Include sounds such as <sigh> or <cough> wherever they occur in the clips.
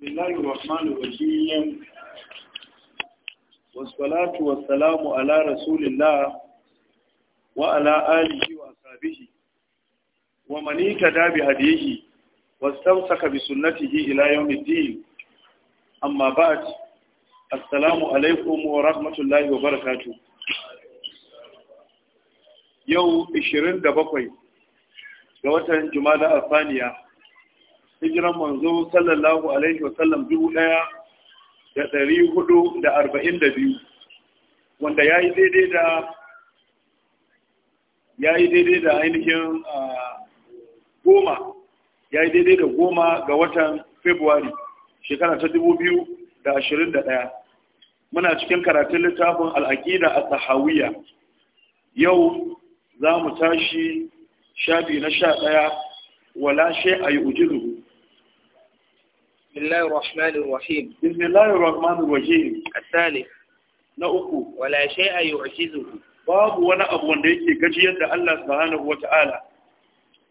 Bismillahir Rahmanir Rahim. Wassalatu wassalamu ala Rasulillah wa ala alihi wa ashabihi wa man ikada bi hadihi wastamsaka bi sunnatihi ila yawmiddin. Amma ba'd. Assalamu alaikum wa rahmatullahi wa barakatuh. Yau 27 ga watan Juma Juma'a Alfaniya. hijiran manzo sallallahu alaihi wa sallam dubu ɗaya da ɗari hudu da arba'in da biyu wanda ya yi daidai da ya yi daidai da ainihin goma ya yi daidai da goma ga watan februari shekara ta dubu biyu da ashirin da ɗaya muna cikin karatun littafin al'aƙida a sahawiya yau za mu tashi shafi na sha ɗaya wala shai a yi ujizu بسم الله الرحمن الرحيم بسم الله الرحمن الرحيم الثالث نأكو ولا شيء يعجزه باب وانا أبو نديك كجية الله سبحانه وتعالى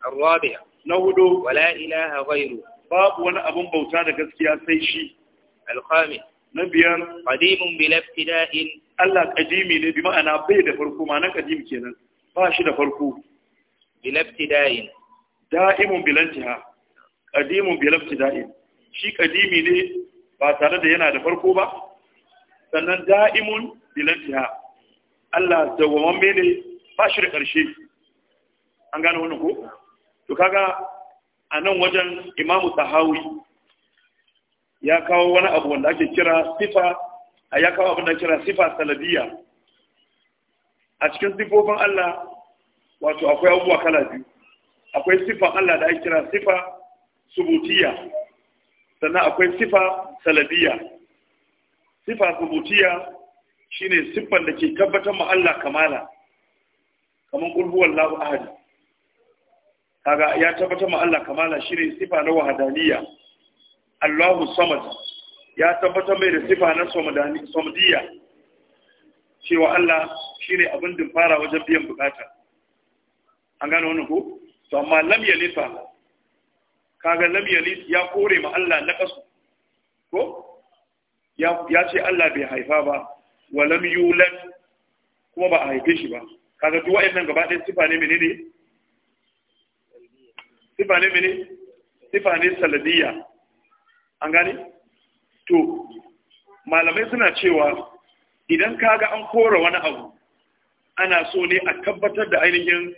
الرابع نهدو ولا إله غيره باب وانا أبو بوتانا كسكيا سيشي الخامس نبيا قديم بلا ابتداء الله قديم بما أنا بيد فرقو ما أنا قديم كنا باشي فرقو بلا ابتداء دائم بلا انتهاء قديم بلا ابتداء shi kadimi ne ba tare da yana da farko ba sannan da'imun bilantiha Allah dawwaman mene ba shi da ƙarshe an gane wannan ko to kaga a nan wajen imamu tahawi ya kawo wani abu wanda ake kira sifa a ya kawo abu da kira sifa salabiya a cikin sifofin Allah wato akwai abubuwa kala biyu akwai sifan Allah da ake kira sifa subutiya sannan akwai sifa salabiya sifa subutiya shine sifan da ke tabbatar ma Allah kamala Kamar qul huwallahu ahad kaga ya tabbatar ma Allah kamala shine sifa na wahadaniya Allahu samad ya tabbatar mai da sifa na samadiyya cewa Allah shine abin da fara wajen biyan bukata an gano wannan ko to amma lam yalifa kaga lam yalis ya kore ma Allah na kasu ko ya ya ce Allah bai haifa ba wa lam yulad kuma ba a haife shi ba kaga duk wa'annan gaba ɗaya sifa ne menene sifa ne menene sifa ne saladiyya an gane to malamai suna cewa idan kaga an kora wani abu ana so ne a tabbatar da ainihin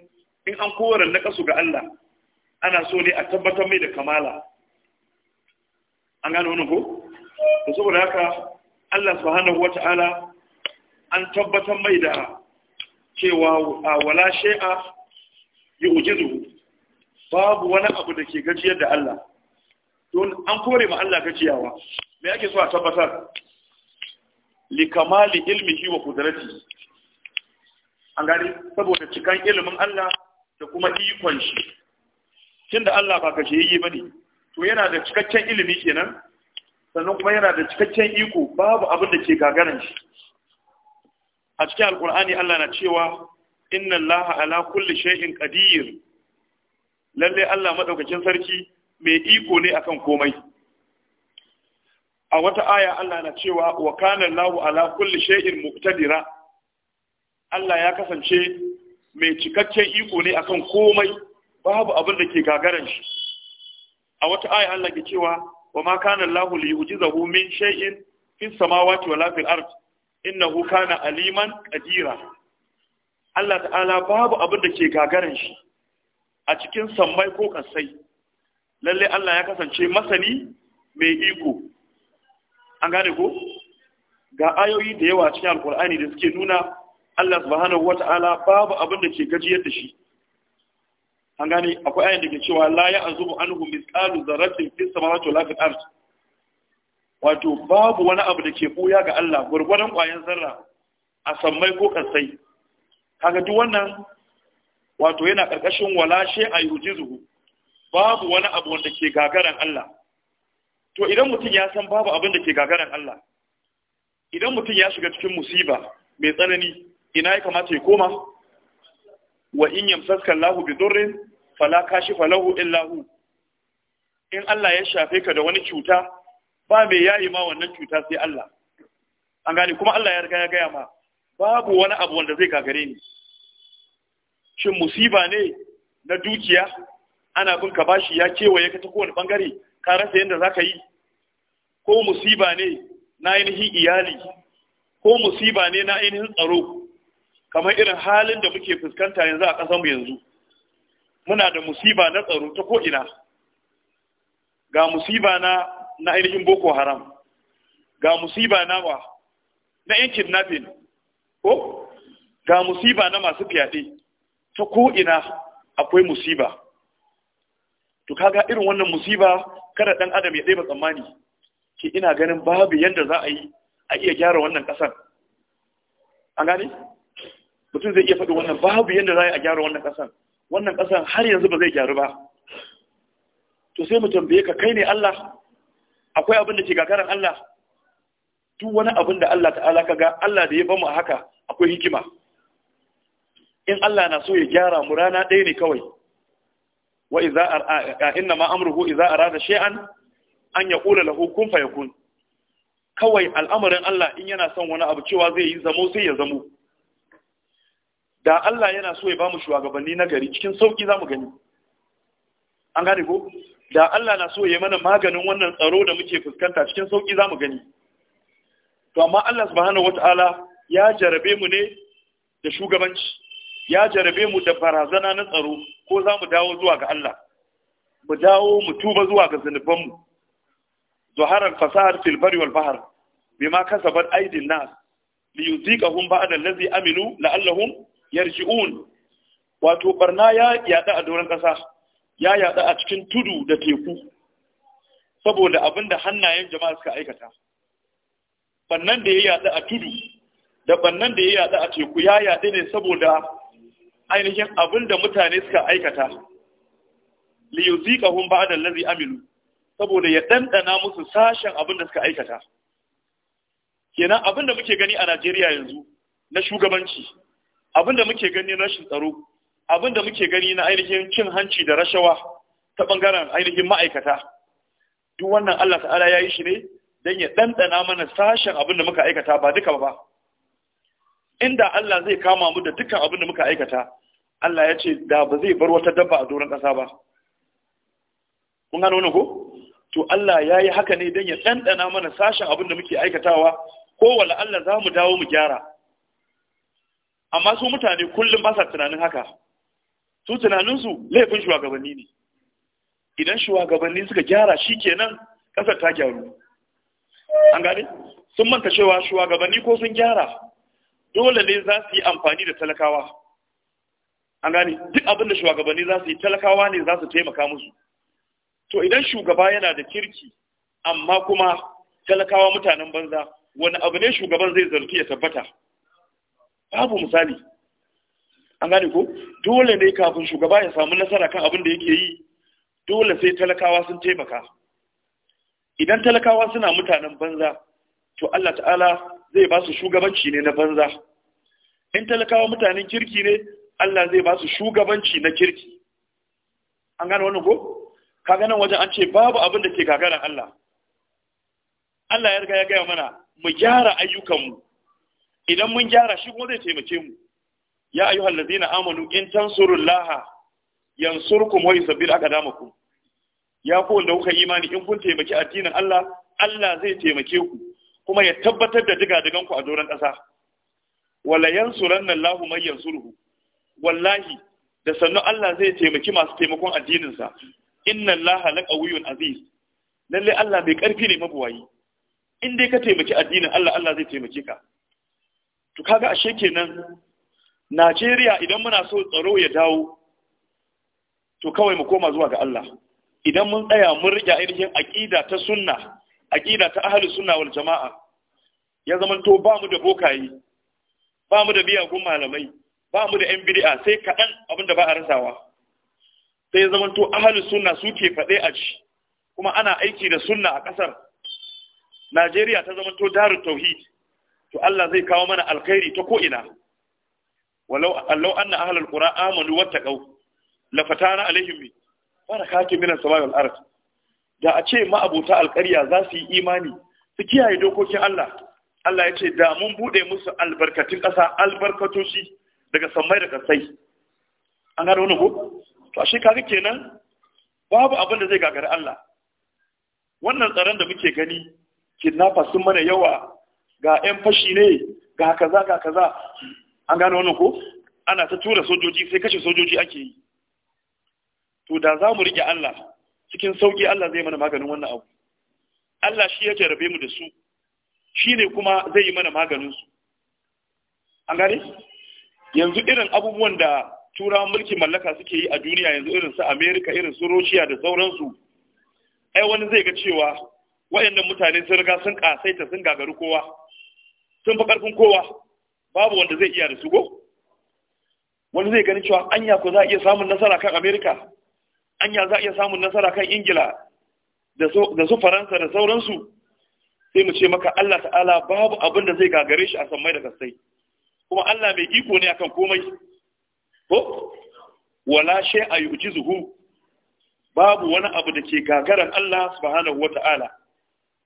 in an kora na kasu ga Allah ana so ne a tabbatar mai da kamala an gano wani ko? da saboda haka Allah hannun wata'ala an tabbatar mai da cewa a wala yi ujizu. babu wani abu da ke gajiyar da Allah don an kore ma Allah gajiyawa mai ake so a tabbatar li kamali ilmihi wa kudurati. an gari saboda cikan ilimin Allah da kuma ikon shi shin da Allah ba kashe yi bane to yana da cikakken ilimi kenan sannan kuma yana da cikakken iko babu abin da ke gagaran shi a cikin alkur'ani Allah na cewa inna Allah ala kulli shay'in qadir lalle Allah madaukakin sarki mai iko ne akan komai a wata aya Allah na cewa wa kana Allahu ala kulli shay'in muqtadira Allah ya kasance mai cikakken iko ne akan komai babu abin da ke gagaran shi a wata aya Allah ke cewa wa ma kana Allahu li yujizahu min shay'in fi samawati wala fil ard innahu kana aliman qadira Allah ta'ala babu abin da ke gagaran shi a cikin sammai ko kasai lalle Allah ya kasance masani mai iko an gane ko ga ayoyi da yawa cikin alkur'ani da suke nuna Allah subhanahu wata'ala babu abin da ke gajiyar da shi an gane akwai ayin da ke cewa la ya azubu anhu misqalu dharratin fi samawati wala fil ard wato babu wani abu da ke buya ga Allah gurgurdan kwayan zarra a sammai ko kasai kaga duk wannan wato yana karkashin wala shay'a yujizuhu babu wani abu wanda ke gagaran Allah to idan mutum ya san babu abin da ke gagaran Allah idan mutum ya shiga cikin musiba mai tsanani ina ya kamata ya koma wa in yamsaska Allahu bi durrin fala ka lahu falahu illahu. in Allah ya shafe ka da wani cuta ba mai yayi ma wannan cuta sai Allah an gane kuma Allah ya riga ya gaya ma babu wani abu wanda zai gagare ni shin musiba ne na dukiya ana bin ka bashi ya kewaye ka ta kowane bangare ka rasa yadda za ka yi ko musiba ne na ainihin iyali ko musiba ne na ainihin tsaro kamar irin halin da muke fuskanta yanzu a ƙasarmu yanzu muna da musiba na tsaro ta ko'ina ga musiba na na ainihin boko haram ga musiba na wa na yan kidnapping ko ga musiba na masu fyaɗe ta ko'ina akwai musiba to kaga irin wannan musiba kada ɗan adam ya ɗaiba tsammani ke ina ganin babu yadda za a yi a iya gyara wannan ƙasar an gane mutum zai iya faɗi wannan babu yadda za a gyara wannan ƙasar wannan ƙasar har yanzu ba zai gyaru ba to sai mu tambaye ka kai ne Allah akwai abin da ke gagarin Allah duk wani abin da Allah ta'ala kaga Allah da ya bamu a haka akwai hikima in Allah na so ya gyara mu rana ɗaya ne kawai wa idza inna ma amruhu idza arada shay'an an yaqula lahu kun fayakun kawai al'amarin Allah in yana son wani abu cewa zai yi zamo sai ya zamo da Allah yana so ya ba mu shugabanni na gari cikin sauki za mu gani an gane ko da Allah na so ya mana maganin wannan tsaro da muke fuskanta cikin sauki za mu gani to amma Allah subhanahu wata'ala ya jarabe mu ne da shugabanci ya jarabe mu da barazana na tsaro ko za mu dawo zuwa ga Allah mu dawo mu tuba zuwa ga zunubanmu zuharar fasahar filbari wal bahar bima kasabat aidin nas li ba'da allazi aminu la'allahum yarji'un wato barna ya yada a doron ƙasa ya yada a cikin tudu da teku saboda abin da hannayen jama'a suka aikata bannan da ya yada a tudu da bannan da ya yada a teku ya yada ne saboda ainihin abin da mutane suka aikata liyuzikahum ba'da allazi amilu saboda ya dandana musu sashen abin da suka aikata kenan abin da muke gani a Najeriya yanzu na shugabanci abinda muke gani rashin tsaro abinda muke gani na ainihin cin hanci da rashawa ta bangaren ainihin ma'aikata duk wannan Allah ta'ala ya yi shi ne don ya ɗanɗana mana sashen abinda muka aikata ba duka ba inda Allah zai kama mu da dukkan abinda muka aikata Allah ya ce da ba zai bar wata dabba a doron ƙasa ba kun gano wani ko to Allah ya yi haka ne don ya ɗanɗana mana sashen abinda muke aikatawa ko wala Allah za mu dawo mu gyara amma su mutane kullum ba sa tunanin haka su tunaninsu laifin shugabanni ne idan shugabanni suka gyara shi kenan ƙasar ta gyaru an gane sun manta cewa shugabanni ko sun gyara dole ne za su yi amfani da talakawa an gane duk abin da shugabanni za su yi talakawa ne za su taimaka musu to idan shugaba yana da kirki amma kuma talakawa mutanen banza wani abu ne shugaban zai zarfi ya tabbata babu misali an gane ko dole ne kafin shugaba ya samu nasara kan abin da yake yi dole sai talakawa sun taimaka idan talakawa suna mutanen banza to Allah ta'ala zai ba su shugabanci ne na banza in talakawa mutanen kirki ne Allah zai ba su shugabanci na kirki an gane wannan ko kaga nan wajen an ce babu abin da ke gagarar Allah Allah ya riga ya gaya mana mu gyara ayyukanmu idan mun gyara shi kuma zai taimake mu ya ayu hallazina amanu in tansurullaha yansurkum wa yusabbir aqdamakum ya ku wanda kuka imani in kun taimaki addinin Allah Allah zai taimake ku kuma ya tabbatar da diga-digan ku a doron kasa. wala yansuranna Allahu may yansuruhu wallahi da sannu Allah zai taimaki masu taimakon addinin sa inna Allaha laqawiyyun aziz lalle Allah mai karfi ne mabuwayi in dai ka taimaki addinin Allah Allah zai taimake ka to kaga ashe kenan Najeriya idan muna so tsaro ya dawo to kawai mu koma zuwa ga Allah idan mun tsaya mun rike ainihin aqida ta sunna aqida ta ahli sunna wal jama'a ya zaman to ba mu da bokayi ba mu da gun malamai ba mu da yan bid'a sai kaɗan abin da ba a rasawa sai ya zaman to ahli sunna suke faɗe a ci kuma ana aiki da sunna a ƙasar Najeriya ta zaman to darut tauhid to Allah zai kawo mana alkhairi ta ko'ina? ina walau allau anna ahlul qura amanu wattaqau la fatana alaihim barakatun minas samai wal ard da a ce ma'abota alƙarya za su yi imani su kiyaye dokokin Allah Allah ya ce da mun bude musu albarkatun ƙasa albarkatoshi daga samai da kasai an gano wannan ko to ashe kaga kenan babu abin da zai gagari Allah wannan tsaron da muke gani kidnappers sun mana yawa ga 'yan fashi ne ga kaza ga kaza an gane wani ko ana ta tura sojoji sai kashe sojoji ake yi to da za mu riƙe Allah cikin sauƙi Allah zai mana maganin wannan abu Allah shi yake rabe mu da su shi ne kuma zai yi mana maganin su an gane yanzu irin abubuwan da turawan mulkin mallaka suke yi a duniya yanzu irin su America irin su Russia da sauransu ai wani zai ga cewa wayannan mutane sun riga sun kasaita sun gagaru kowa sun fi ƙarfin kowa babu wanda zai iya da su go? wani zai gani cewa anya ko za a iya samun nasara kan amerika anya za a iya samun nasara kan ingila da su faransa da sauransu sai mu ce maka allah ta'ala babu abin da zai gagare shi a sammai da kasai kuma allah mai iko ne akan komai ko wala shi a yujizuhu babu wani abu da ke gagarar allah subhanahu ta'ala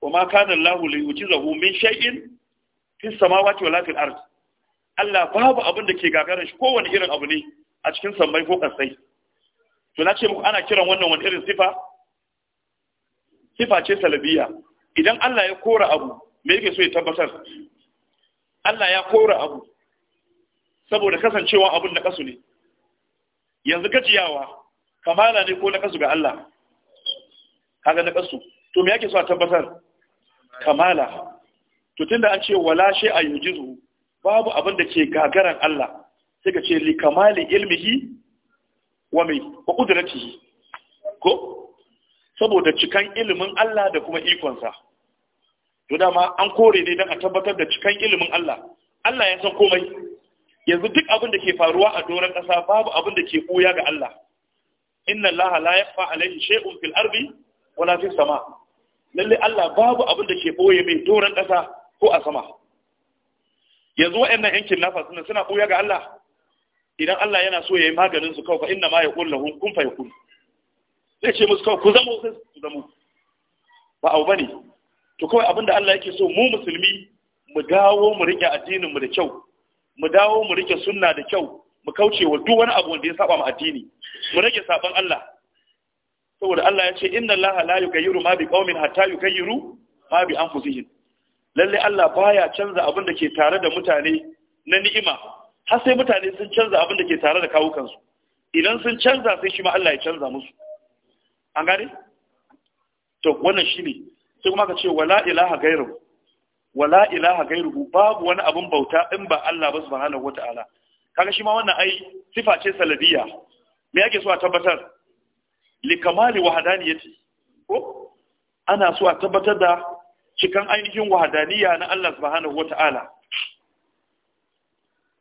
wa ma kana allah li yujizuhu min shay'in fi samawati wala fil ard Allah babu abin da ke gagarin shi kowane irin abu ne a cikin sammai ko kasai to na ce muku ana kiran wannan wani irin sifa sifa ce salabiya idan Allah ya kora abu me yake so ya tabbatar Allah ya kora abu saboda kasancewa abun na kasu ne yanzu gajiyawa kamala ne ko na kasu ga Allah kaga na kasu to me yake so a tabbatar kamala to tunda an ce wala shay jizu, babu abin da ke gagaran Allah sai ka ce li kamali ilmihi wa mai wa qudratihi ko saboda cikan ilimin Allah da kuma ikonsa to dama an kore ne don a tabbatar da cikan ilimin Allah Allah ya san komai yanzu duk abin da ke faruwa a doron kasa babu abin da ke koya ga Allah inna Allah la yakhfa alayhi shay'un fil ardi wala fis sama lalle Allah babu abin da ke boye mai doron kasa ko a sama yanzu waɗannan yan kidnappers suna suna ɓuya ga Allah idan Allah yana so ya yi maganin su kawai inna ma yaqul hun kun fayakun zai ce musu kawai ku zamo sai ku zamo ba abu bane to kawai abinda Allah yake so mu musulmi mu dawo mu rike addinin mu da kyau mu dawo mu rike sunna da kyau mu kauce wa duk wani abu wanda ya saba mu addini mu rage saban Allah saboda Allah ya ce inna Allah la yughayyiru ma bi qaumin hatta yughayyiru ma bi anfusihim lalle Allah baya canza abin da ke tare da mutane na ni'ima har sai mutane sun canza abin da ke tare da kawukansu idan sun canza sai shi ma Allah ya canza musu an gane to wannan ne. sai kuma ka ce wala ilaha gairu wala ilaha gairu babu wani abin bauta in ba Allah ba subhanahu wataala kaga shi ma wannan ai sifa ce saladiya. me yake so a tabbatar li kamali wahdaniyati ko ana so a tabbatar da cikan ainihin wahadaniya na Allah subhanahu wata'ala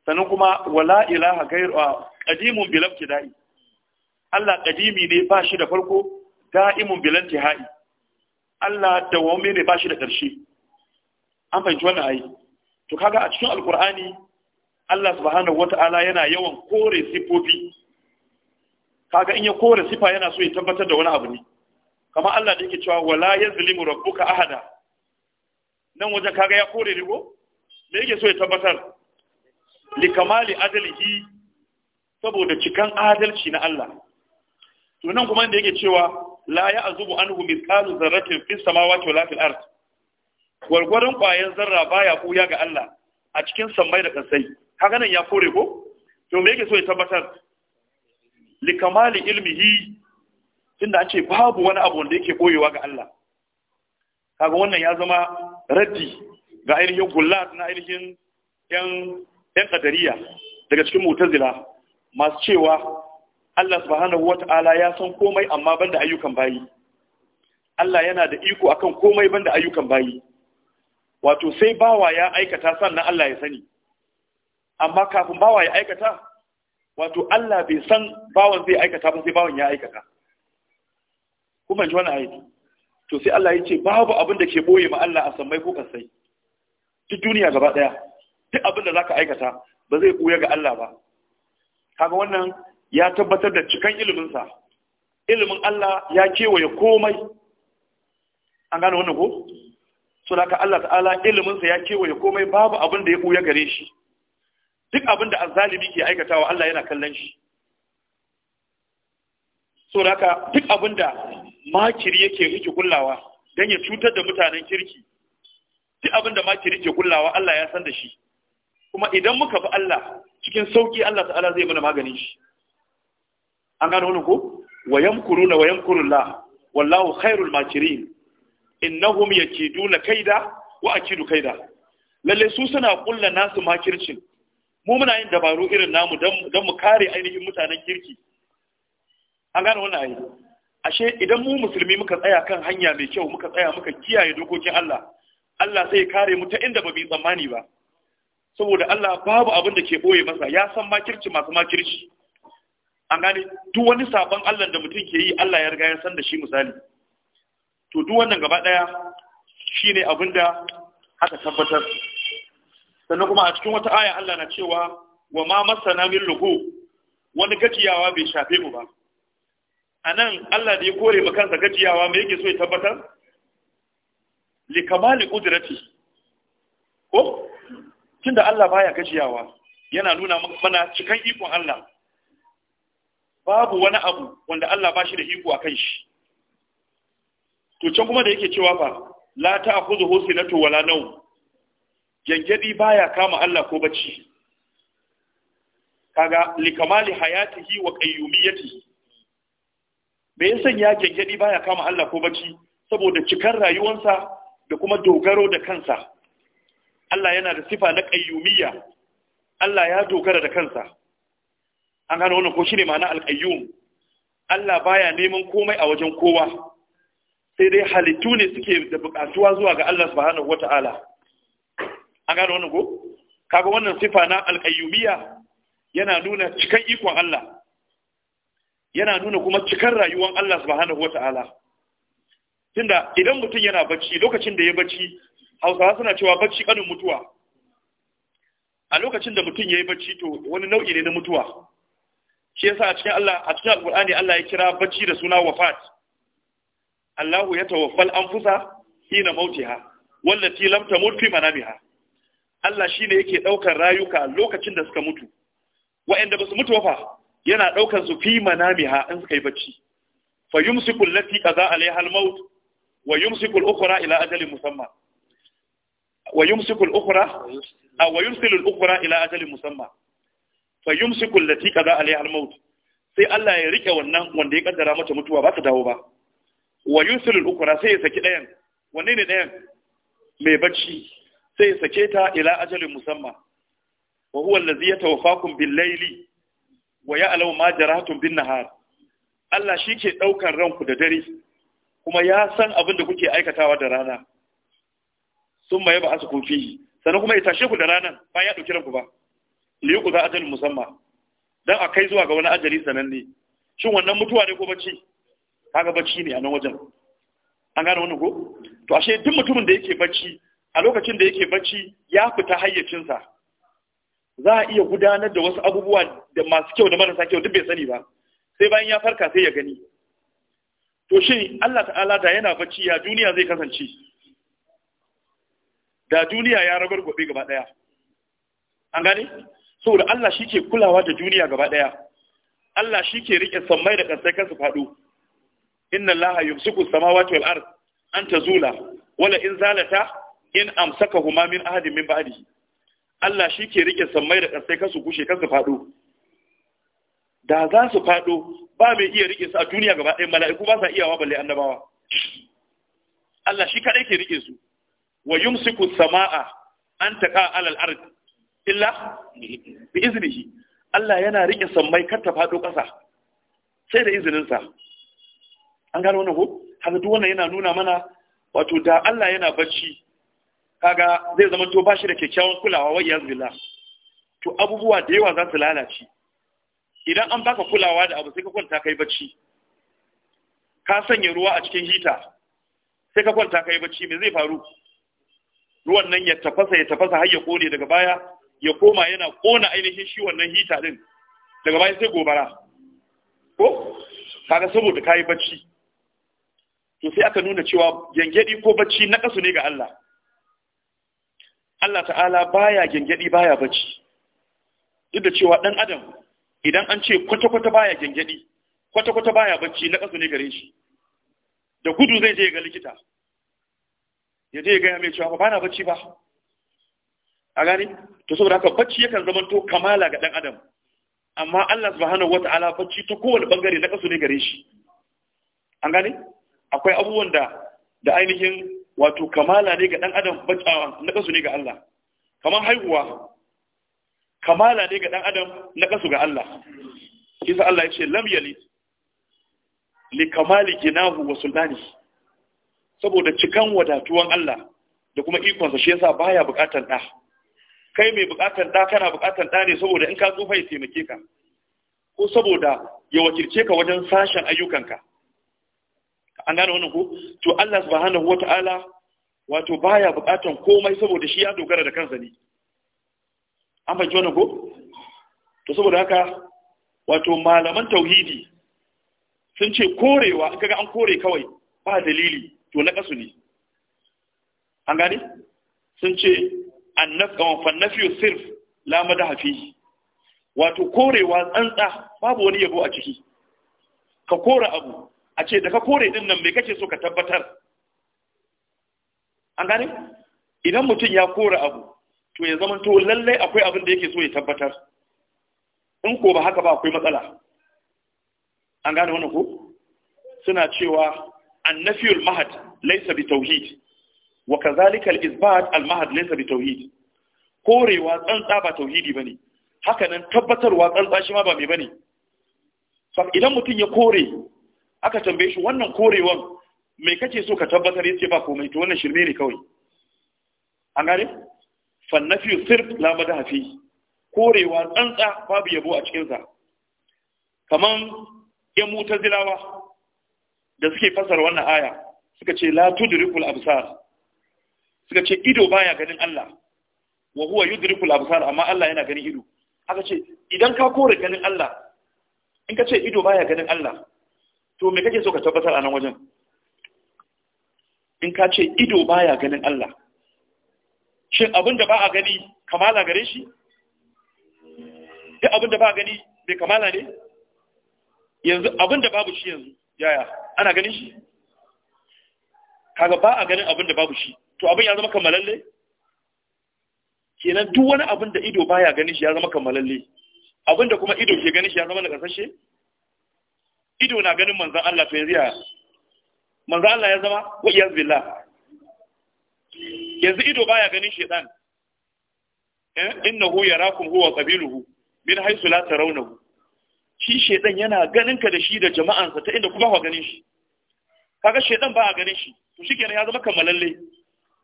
sannan kuma wala ilaha gairu qadimun bil ibtida'i Allah qadimi ne ba shi da farko da'imun bil intihai Allah dawame ne ba shi da ƙarshe an fahimci wannan ayi to kaga a cikin alqur'ani Allah subhanahu wata'ala yana yawan kore sifofi kaga in ya kore sifa yana so ya tabbatar da wani abu ne kamar Allah da yake cewa wala yazlimu rabbuka ahada nan wajen kaga ya kore rigo da yake so ya tabbatar kamali adalihi saboda cikan adalci na Allah to nan kuma da yake cewa la ya azubu anhu mithalu zarratin fi samawati wa fil ard gwargwaron kwayan zarra baya buya ga Allah a cikin sammai da kansai kaga nan ya kore ko to me yake so ya tabbatar likamali ilmihi tunda an ce babu wani abu wanda yake boyewa ga Allah kaga wannan ya zama raddi ga ainihin gullat na ainihin yan kadariya daga cikin mutazila masu cewa Allah subhanahu wata'ala ya san komai amma banda ayyukan bayi Allah yana da iko akan komai banda ayyukan bayi wato sai bawa ya aikata sannan Allah ya sani amma kafin bawa ya aikata wato Allah bai san bawan zai aikata ba sai bawan ya aikata kuma ji wani aiki to sai Allah ya ce babu abin da ke boye ma Allah a sammai ko kasai duk duniya gaba daya duk abin da zaka aikata ba zai buya ga Allah ba kaga wannan ya tabbatar da cikan ilimin sa ilimin Allah ya kewaye komai an gane wannan ko so da Allah ta'ala ilimin sa ya kewaye komai babu abin da ya buya gare shi duk abin da azzalimi ke aikatawa Allah yana kallon shi so da duk abin da makiri yake miki kullawa don ya cutar da mutanen kirki duk abin da makiri ke kullawa Allah ya san da shi kuma idan muka fi Allah cikin sauki Allah ta'ala zai mana maganin shi an gano wani ko wa yamkuruna wa wallahu khairul makirin innahum yakiduna kaida wa akidu kaida lalle su suna kulla nasu makircin mu muna yin dabaru irin namu don mu kare ainihin mutanen kirki an gano wannan ayi ashe idan mu musulmi muka tsaya kan hanya mai kyau muka tsaya muka kiyaye dokokin Allah Allah sai ya kare mu ta inda ba mu tsammani ba saboda Allah babu abin da ke boye masa ya san makirci masu makirci an gane duk wani sabon Allah da mutum ke yi Allah ya riga ya san da shi misali to duk wannan gaba daya shine abin da aka tabbatar sannan kuma a cikin wata aya Allah na cewa wa ma masana min lugu wani gajiyawa bai shafe mu ba Anan Allah da ya kore ba kansa gajiyawa mai yake so ya tabbatar likamali kudrati ko tunda Allah baya gajiyawa yana nuna mana cikan ikon Allah babu wani abu wanda Allah ba shi da iko a kan shi to can kuma da yake cewa ba la ta'khudhu sinatu wala nawm jangadi baya kama Allah ko bacci kaga likamali hayatihi wa qayyumiyatihi me ya sanya gyangyadi baya kama Allah ko bacci saboda cikar rayuwarsa da kuma dogaro da kansa Allah yana da sifa na ƙayyumiyya. Allah ya dogara da kansa an gano wannan ko shine ma'ana alƙayyum Allah baya neman komai a wajen kowa sai dai halittu ne suke da buƙatuwa zuwa ga Allah subhanahu wata'ala an gano wannan ko kaga wannan sifa na alƙayyumiyya yana nuna cikan ikon Allah yana nuna kuma cikar rayuwar Allah subhanahu wata'ala tunda idan mutum yana bacci lokacin da ya bacci hausawa suna cewa bacci kanin mutuwa a lokacin da mutum ya yi bacci to wani nau'i ne na mutuwa shi yasa a cikin Allah a cikin Alƙur'ani Allah ya kira bacci da suna wafat Allahu ya tawaffal anfusa hina mautiha wallati lam tamut fi manamiha Allah shine yake daukar rayuka lokacin da suka mutu wa'anda basu mutu fa yana ɗaukar su fi manamiha in suka yi bacci fa yumsiku allati qaza alaiha al-maut wa yumsiku al-ukhra ila ajalin musamma wa yumsiku al-ukhra aw wa yursilu al-ukhra ila ajalin musamma fa yumsiku allati qaza alaiha al-maut sai Allah ya riƙe wannan wanda ya kaddara mata mutuwa ba ta dawo ba wa yursilu al-ukhra sai ya saki ɗayan wanne ne ɗayan mai bacci sai ya sake ta ila ajalin musamma wa huwa allazi yatawaffakum bil-laili wa ya alamu ma jaratun bin nahar Allah shi ke ɗaukar ranku da dare kuma ya san abin da kuke aikatawa da rana sun maye ba a sukufi sannan kuma ya tashe ku da ranar ba ya ɗauki ranku ba liyu ku za ajalin musamman don a kai zuwa ga wani ajali sananne shin wannan mutuwa ne ko bacci kaga bacci ne a nan wajen an gane wani ko to ashe duk mutumin da yake bacci a lokacin da yake bacci ya fita hayyacinsa za a iya gudanar da wasu abubuwa da masu kyau da marasa kyau duk bai sani ba sai bayan ya farka sai ya gani to shi Allah ta'ala da yana bacci ya duniya zai kasance da duniya ya rabar gobe gaba daya an gane saboda Allah shi ke kulawa da duniya gaba daya Allah shi ke rike sammai da kasai kansu fado inna Allah yumsiku samawati wal ard an tazula wala in zalata in amsakahuma min ahadin min ba'dihi Allah shi ke rike sammai da ƙasai kasu su kushe kan su faɗo da za su faɗo ba mai iya rike su a duniya gaba ɗaya mala'iku ba sa iyawa balle annabawa Allah shi kaɗai ke rike su wa yumsiku sama'a an taqa alal ard illa bi iznihi Allah yana rike sammai kar ta faɗo ƙasa sai da izininsa an gano wannan ko haka duk wannan yana nuna mana wato da Allah yana bacci kaga zai zama to bashi da kyakkyawan kulawa wai ya billah to abubuwa da yawa za su lalace idan an baka kulawa da abu sai ka kwanta kai bacci ka sanya ruwa a cikin hita sai ka kwanta kai bacci me zai faru ruwan nan ya tafasa ya tafasa har ya kone daga baya ya koma yana kona ainihin shi wannan hita din daga baya sai gobara ko kaga saboda kayi bacci to sai aka nuna cewa gengedi ko bacci na kasu ne ga Allah Allah ta'ala baya gengedi baya bacci duk da cewa dan adam idan an ce kwata-kwata baya gengedi kwata-kwata baya bacci na kasu ne gare shi da gudu zai je ga likita ya je ga mai cewa ba na bacci ba a gani to saboda haka bacci yakan zama to kamala ga dan adam amma Allah subhanahu wata'ala bacci ta kowane bangare na kasu ne gare shi an gani akwai abubuwan da da ainihin wato kamala ne ga ɗan adam batsawa na kasu ne ga Allah kamar haihuwa kamala ne ga ɗan adam na kasu ga Allah kisa Allah ya ce lam yali li kamali ginahu wa sultani saboda cikan wadatuwan Allah da kuma ikonsa shi yasa baya bukatar da kai mai bukatar da kana bukatar da ne saboda in ka tsufa ya taimake ka ko saboda ya wakilce ka wajen sashen ayyukanka an gane wannan ko to Allah subhanahu wata'ala wato baya bukatan komai saboda shi ya dogara da kansa ne an fahimci wannan ko to saboda haka wato malaman tauhidi sun ce korewa in kaga an kore kawai ba dalili to na kasu ne an gane sun ce annafawan fannafi sirf la madaha fi wato korewa tsantsa babu wani yabo a ciki ka kora abu a ce da ka kore din nan mai kake so ka tabbatar an gane idan mutum ya kore abu to ya zama to lallai akwai abin da yake so ya tabbatar in ko ba haka ba akwai matsala an gane wani ko suna cewa annafiyul mahad laisa bi tauhid wa kazalika al isbat al mahad laisa bi tauhid korewa tsantsa ba tauhidi bane haka nan tabbatarwa tsantsa shi ma ba mai bane idan mutum ya kore aka tambaye shi wannan korewan mai kace so ka tabbatar yace ba komai to wannan shirme ne kawai an gane fannafi sirf la madaha hafi, korewa tsantsa babu yabo a cikin sa kaman yan mutazilawa da suke fasar wannan aya suka ce la tudrikul absar suka ce ido baya ganin Allah wa huwa yudrikul absar amma Allah yana ganin ido aka ce idan ka kore ganin Allah in ka ce ido baya ganin Allah to me kake so ka tabbatar a nan wajen in ka ce ido baya ganin Allah shin abin da ba a gani kamala gare shi duk abin da ba a gani bai kamala ne yanzu abin da babu shi yanzu yaya ana ganin shi kaga ba a ganin abin da babu shi to abin ya zama kammalalle kenan duk wani abin da ido baya ganin shi ya zama kammalalle abin da kuma ido ke ganin shi ya zama nakasashe ido na ganin manzan Allah to yanzu ya manzan Allah ya zama wa ya zilla. yanzu ido baya ganin shedan eh, innahu yarakum huwa qabiluhu min haythu la tarawnahu shi shedan yana ganin ka da shi da jama'ansa ta inda kuma ba ganin shi kaga shedan ba a ganin shi to shikenan ya zama kammalalle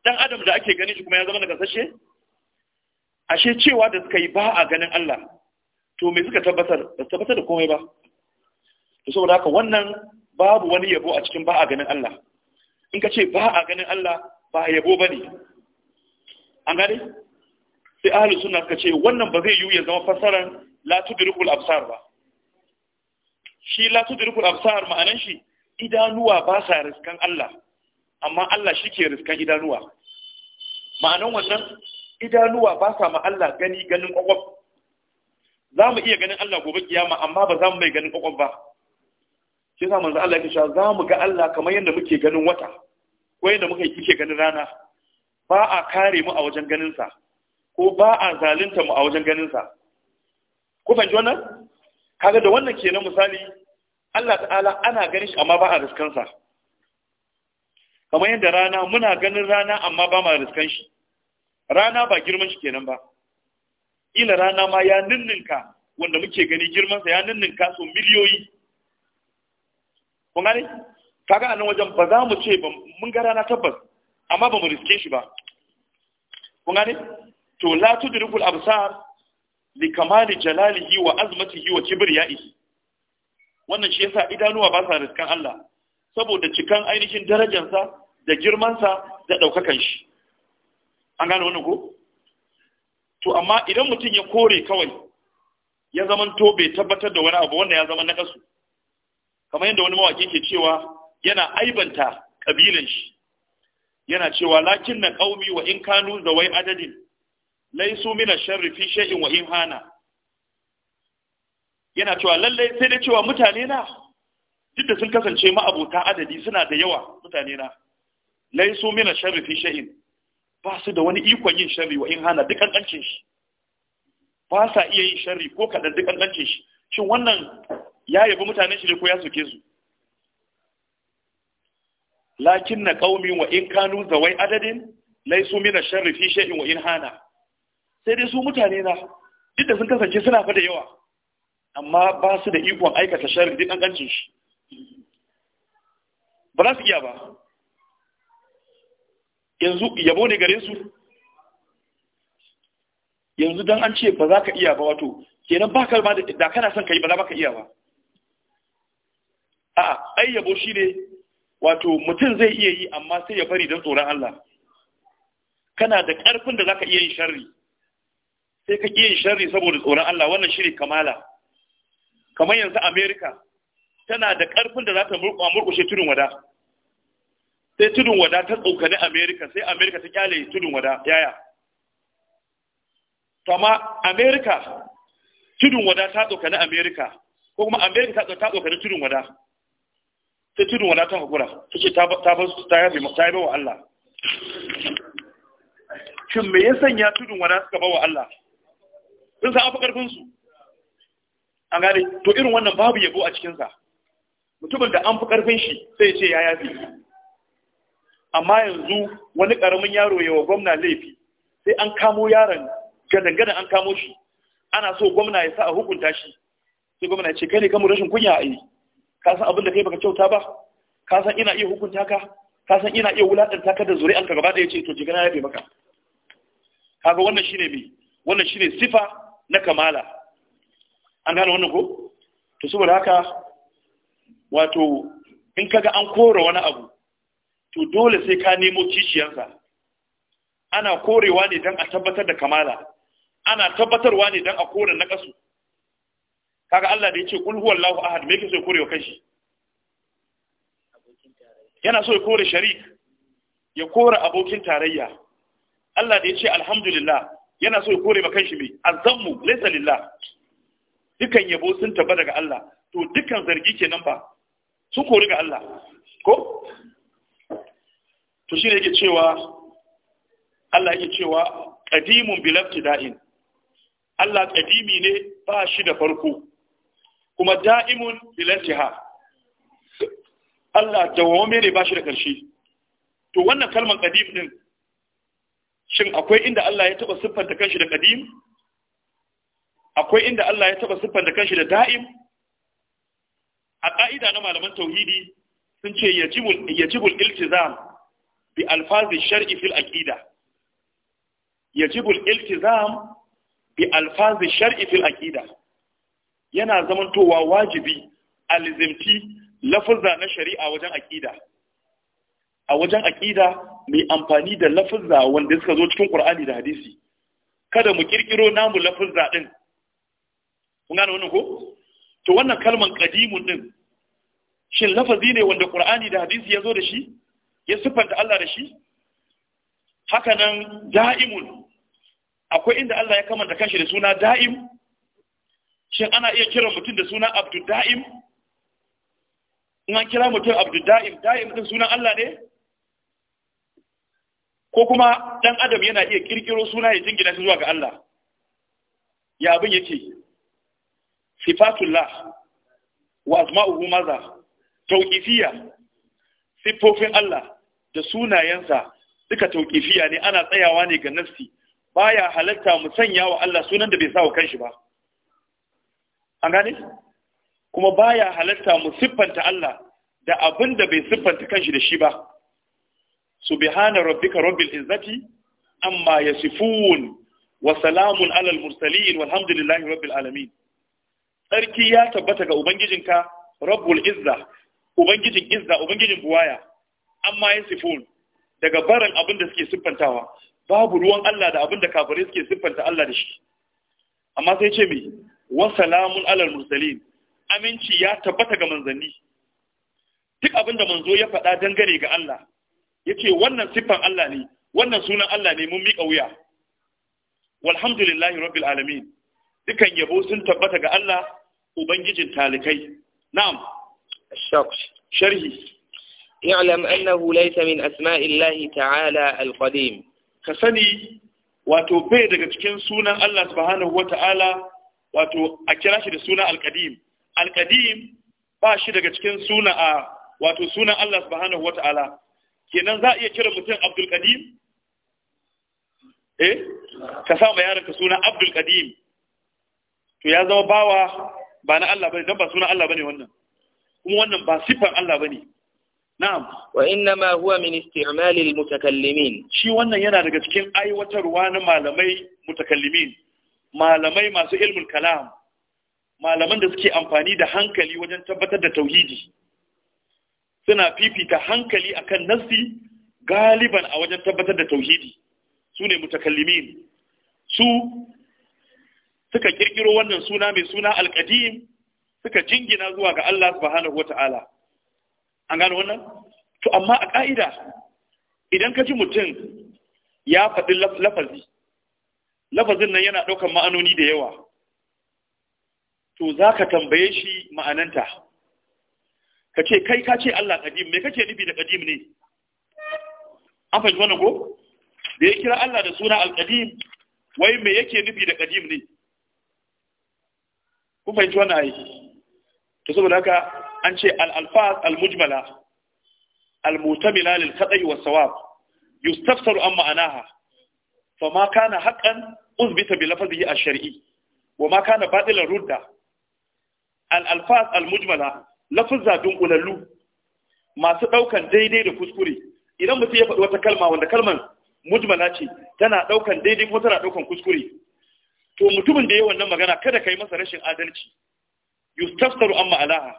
dan adam da ake ganin shi kuma ya zama sashe ashe cewa da suka yi ba a ganin Allah to me suka tabbatar ba tabbatar da komai ba to saboda haka wannan babu wani yabo a cikin ba a ganin Allah in ka ce ba a ganin Allah ba yabo bane an gane sai ahli sunna ka ce wannan ba zai yiwu ya zama fassaran la tudrikul absar ba shi la tudrikul absar ma'anan shi idanuwa ba sa riskan Allah amma Allah shi ke riskan idanuwa ma'anan wannan idanuwa ba sa ma Allah gani ganin kwakwaf za mu iya ganin Allah gobe kiyama amma ba za mu mai ganin kwakwaf ba shi za mu Allah ya za mu ga Allah kamar yadda muke ganin wata ko yadda muke kike ganin rana ba a kare mu a wajen ganin sa ko ba a zalunta mu a wajen ganin sa ku fahimci wannan kaga da wannan kenan misali Allah ta'ala ana ganin shi amma ba a riskan sa kamar yadda rana muna ganin rana amma ba ma riskan shi rana ba girman shi kenan ba ila rana ma ya ninninka wanda muke gani girmansa ya ninninka so miliyoyi kun gane kaga a nan wajen ba za mu ce mun ga rana tabbas amma ba mu riske shi ba kun gane to la tudrikul absar li kamali jalalihi wa azmatihi wa kibriyaihi wannan shi yasa idanuwa ba sa riskan Allah saboda cikan ainihin darajarsa da girmansa da daukakan shi an gane wannan ko to amma idan mutum ya kore kawai ya zaman to bai tabbatar da wani abu wannan ya zama na kasu kamar yadda wani mawaki ke cewa yana aibanta kabilan shi yana cewa lakin na qaumi wa in kanu zawai adadin laisu min ash fi shay'in wa in hana yana cewa lalle sai dai cewa mutane na duk da sun kasance ma'abota adadi suna da yawa mutane na laisu min ash fi shay'in ba su da wani ikon yin sharri wa in hana duk kancin shi ba sa iya yin sharri ko kadan duk kancin shi shin wannan ya yabi mutanen shi ne ko ya soke su lakin na qaumi wa in kanu zawai adadin laysu min ash-sharri fi shay'in wa in hana sai dai su mutane na duk da sun kasance suna fa da yawa amma ba su da ikon aikata sharri duk an shi ba za su iya ba yanzu yabo ne gare su yanzu don an ce ba za ka iya ba wato kenan ba kalma da kana son kai ba za ka iya ba a'a ai yabo shine wato mutum zai iya yi amma sai ya bari don tsoron Allah kana da ƙarfin da zaka iya yin sharri sai ka iya yin sharri saboda tsoron Allah wannan shine kamala kamar yanzu America tana da ƙarfin da za ta murƙushe tudun wada sai tudun wada ta tsokani America sai America ta kyale tudun wada yaya to amma America tudun wada ta tsokani America ko kuma America ta tsokani tudun wada sai tudun wala ta hakura ta ce ta yabe wa Allah shin me ya sanya tudun wala suka ba wa Allah sun san karfin su an gane to irin wannan babu yabo a cikinsa mutumin da an fi karfin shi sai ce ya yafi amma yanzu wani karamin yaro yawa gwamna laifi sai an kamo yaron gadan an kamo shi ana so gwamna ya sa a hukunta shi sai gwamna ce kai ne kamun rashin kunya a yi ka san abin da kai baka kyauta ba ka san ina iya hukunta ka ka san ina iya wulaɗanta ka da zuri'an ka gaba ɗaya ce to jigana ya fi maka kaga wannan shine me wannan shine sifa na kamala an gane wannan ko to saboda haka wato in kaga an kore wani abu to dole sai ka nemo kishiyansa ana korewa ne don a tabbatar da kamala ana tabbatarwa ne don a kore na kasu kaga Allah da yake kul huwallahu ahad me yake so kore wa kanshi yana so ya kore sharik ya kore abokin tarayya Allah da yake alhamdulillah yana so ya kore ma kanshi me azammu laysa lillah dukan yabo sun taba daga Allah to dukan zargi kenan ba su kore ga Allah ko to shi ne yake cewa Allah yake cewa qadimun bil ibtida'in Allah qadimi ne ba shi da farko kuma da'imun ilantiha Allah dawwame ne ba shi da ƙarshe to wannan kalman qadim din shin akwai inda Allah ya taba siffanta kanshi da qadim akwai inda Allah ya taba siffanta kanshi da da'im a ka'ida na malaman tauhidi sun ce yajibul yajibul iltizam bi alfazi shar'i fil aqida yajibul iltizam bi alfazi shar'i fil aqida yana zamantowa wajibi alizimti lafuzza na shari'a wajen aƙida a wajen aƙida mai amfani da lafuzza wanda suka zo cikin ƙur'ani da hadisi kada mu ƙirƙiro namu lafuzza din kun gane wannan ko to wannan kalman qadimun din shin lafazi ne wanda ƙur'ani da hadisi ya zo da shi ya siffanta Allah da shi haka nan da'imun akwai inda Allah ya kamanta kanshi da suna da'im shin ana iya kiran mutum da sunan abdu da'im in an kira mutum abdu da'im da'im din sunan Allah ne ko kuma dan adam yana iya kirkiro suna ya jingina shi zuwa ga Allah ya abin yake sifatullah wa asma'uhu maza tauqifiyya sifofin Allah da sunayensa duka tauqifiyya ne ana tsayawa ne ga nafsi baya halatta mu sanya wa Allah sunan da bai sa wa kanshi ba an gane kuma baya halatta mu siffanta Allah da abin da bai siffanta kanshi da shi ba subhana rabbika rabbil izzati amma yasifun wa salamun alal mursalin walhamdulillahi rabbil alamin sarki ya tabbata ga ubangijinka rabbul izza ubangijin izza ubangijin buwaya amma yasifun daga barin abin da suke siffantawa babu ruwan Allah da abin da kafirai suke siffanta Allah da shi amma sai ce me wa salamun alal mursalin aminci ya tabbata ga manzanni duk abinda manzo ya faɗa dangane ga Allah yace wannan siffan Allah ne wannan sunan Allah ne mun miƙa wuya walhamdulillahi rabbil alamin dukan yabo sun tabbata ga Allah ubangijin talikai na'am sharhi اعلم أنه ليس من أسماء الله تعالى القديم كسني وتوبي daga cikin sunan Allah subhanahu wataala wato a kira shi da suna alkadim alkadim ba shi daga cikin suna a wato sunan Allah subhanahu wata'ala kenan za a iya kira mutum abdul kadim eh ka sa ma yaron ka suna abdul kadim to ya zama bawa ba na Allah bane dan ba suna Allah bane wannan kuma wannan ba sifan Allah bane na'am wa innama huwa min isti'mal al mutakallimin shi wannan yana daga cikin aiwatarwa na malamai mutakallimin malamai masu ilmul kalam malaman da suke amfani da hankali wajen tabbatar da tauhidi suna fifita hankali akan nassi galiban a wajen tabbatar da tauhidi su ne mutakallimin su suka kirkiro wannan suna mai suna alƙadim suka jingina zuwa ga Allah subhanahu wata'ala an gano wannan to amma a ƙa'ida idan ka ji mutum ya faɗi lafazi lafazin nan yana ɗaukar ma'anoni da yawa to za ka tambaye shi ma'ananta ka ce kai ka ce Allah ƙadim me kake nufi da ƙadim ne an fahimci wannan ko da ya kira Allah da suna Al-ƙadim? wai me yake nufi da ƙadim ne kun fahimci wannan ayi to saboda haka an ce al-alfaz al-mujmala al-mutamila lil qad'i was-sawab yustafsaru an ma'anaha Famaka na kana haqqan uzbita bi lafzihi ash-shar'i wa ma kana batilan rudda al-alfaz al-mujmala lafza dunkulallu masu ɗaukan daidai da kuskure idan mutum ya faɗi wata kalma wanda kalman mujmala ce tana ɗaukan daidai kuma tana daukan kuskure to mutumin da ya wannan magana kada ka kai masa rashin adalci yustafsaru amma alaha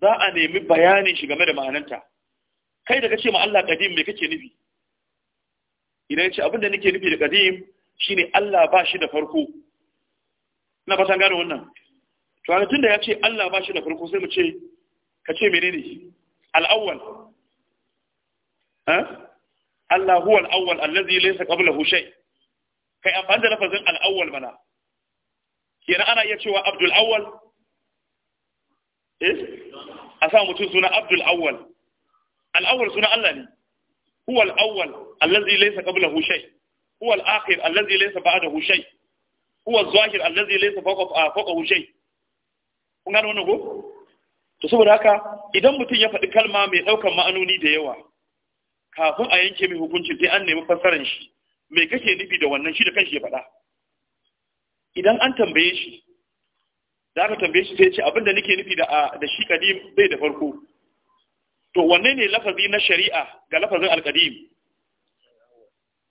za a nemi bayanin shi game da ma'ananta kai da ka ce ma Allah kadim me kake nufi idan yace abinda nake nufi da qadim shine Allah ba shi da farko ina fatan gane wannan to an tunda ce Allah ba shi da farko sai mu ce ka ce menene al-awwal ha eh? Allah huwa al-awwal allazi laysa qablahu shay kai amfani da lafazin al-awwal mana kenan ana iya cewa Abdul Awwal eh a sa mutum suna Abdul Awwal al-awwal suna Allah ne huwa al-awwal allazi laysa qablahu shay huwa al-akhir allazi laysa ba'dahu shay huwa az-zahir allazi laysa ah, fawqahu shay kun gano wannan ko to saboda haka idan mutum ya faɗi kalma mai ɗaukar ma'anoni da yawa kafin a yanke mai hukuncin sai an nemi fassarar shi mai kake nufi da wannan shi da kanshi ya faɗa idan an tambaye shi da aka tambaye shi sai ce abin da nake nufi da ah, shi kadim bai da farko to wanne ne lafazi na shari'a ga lafazin alqadim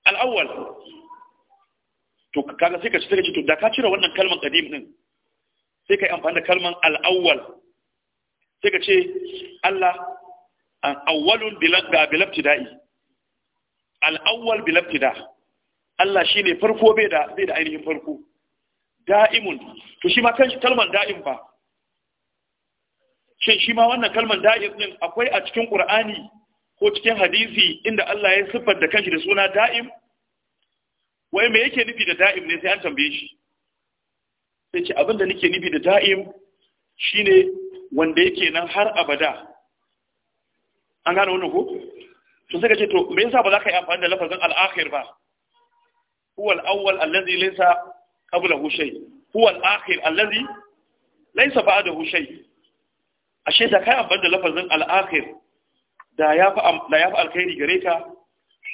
Al'awwal. to kaga sai ka ci sai to da ka cire wannan kalmar qadim din sai ka yi amfani da kalmar al'awwal. sai ka ce Allah an ah, awwalun bilabtida'i al'awwal bilabtida Allah shine farko bai da bai da ainihin farko da'imun to shi ma kan kalmar da'im ba shin shi ma wannan kalmar da'if din akwai a cikin qur'ani ko cikin hadisi inda Allah ya siffar da kanshi da suna da'im wai me yake nufi da da'im ne sai an tambaye shi sai ce abinda nake nufi da da'im shine wanda yake nan har abada an gane wannan ko to sai ka ce to me yasa ba za ka yi amfani da lafazin al-akhir ba huwa al-awwal alladhi laysa qablahu shay huwa al-akhir alladhi laysa ba'dahu shay ashe da kai amfani da lafazin al'akhir da ya fi alkhairi gare ka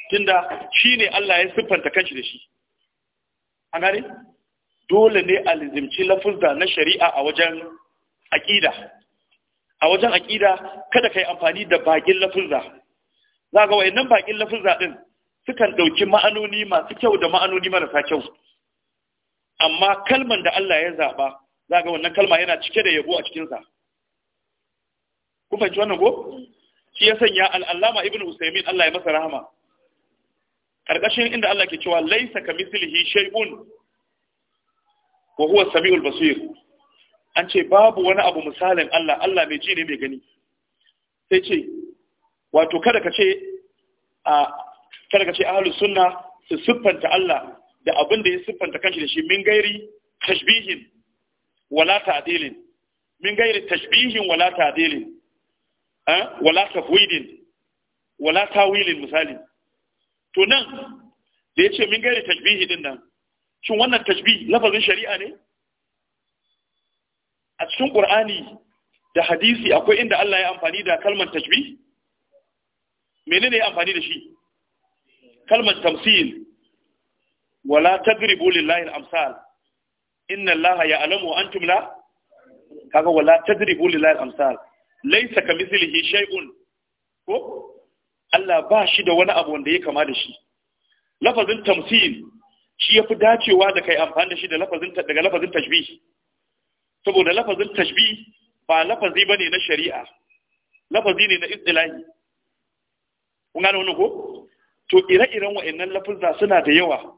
tunda shi ne Allah ya siffanta kanshi da shi an gane dole ne a lizimci lafuzza na shari'a a wajen aƙida a wajen aqida kada ka yi amfani da baƙin lafuzza za ga wayannan baƙin lafuzza ɗin sukan ɗauki ma'anoni masu kyau da ma'anoni marasa kyau amma kalman da Allah ya zaba, za ga wannan kalma yana cike da yabo a cikinsa ku fahimci wannan ko shi ya sanya al'allama ibn usaimin Allah ya masa rahama ƙarƙashin inda Allah ke cewa laisa ka mislihi shay'un wa huwa samiul basir an ce babu wani abu misalin Allah Allah mai ji ne mai gani sai ce wato kada ka ce a kada ka ce ahlus sunna su siffanta Allah da abin da ya siffanta kanshi da shi min gairi tashbihin wala ta'dilin min gairi tashbihin wala ta'dilin wala tafwidin wala tawilin misali to nan da ya ce min gairi tajbihi din nan shin wannan tajbihi lafazin shari'a ne a cikin qur'ani da hadisi akwai inda Allah ya amfani da kalmar tajbih menene ya amfani da shi kalmar tamsil wala tadribu lillahi al-amsal inna allaha ya'lamu antum la kaga wala tadribu lillahi al-amsal laisa ka mislihi shay'un ko Allah ba shi da wani abu wanda ya kama da shi lafazin tamthil shi yafi dacewa da kai amfani da shi da lafazin daga lafazin tashbih saboda lafazin tashbih ba lafazi bane na shari'a lafazi ne na istilahi kun gane wannan ko to ire-iren wa'annan lafuzza suna da yawa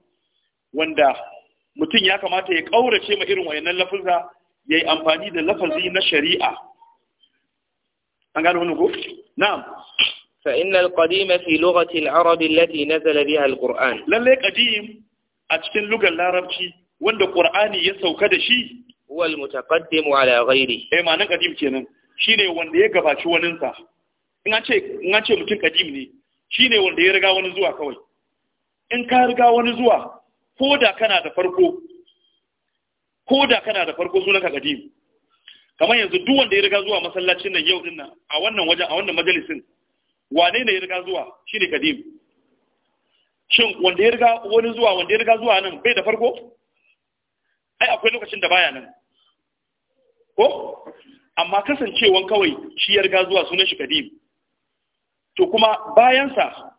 wanda mutum ya kamata ya kaurace ma irin wa'annan lafuzza ya yi amfani da lafazi na shari'a an gano wannan ko na'am fa innal qadima fi lughati al-arab allati nazala biha al-qur'an lalle qadim a cikin lugar larabci wanda qur'ani ya sauka da shi wal mutaqaddim ala ghairi eh ma'anar qadim kenan shine wanda ya gabaci waninsa in an ce in an ce mutum qadim ne shine wanda ya riga wani zuwa kawai in ka riga wani zuwa ko da kana da farko ko da kana da farko sunanka qadim kamar yanzu duk wanda ya riga zuwa masallacin nan yau dinnan a wannan wajen a wannan majalisin wane ne ya riga zuwa shine kadim shin wanda ya riga wani zuwa wanda ya riga zuwa nan bai da farko ai akwai lokacin da baya nan ko amma kasancewan kawai shi ya riga zuwa sunan shi kadim to kuma bayansa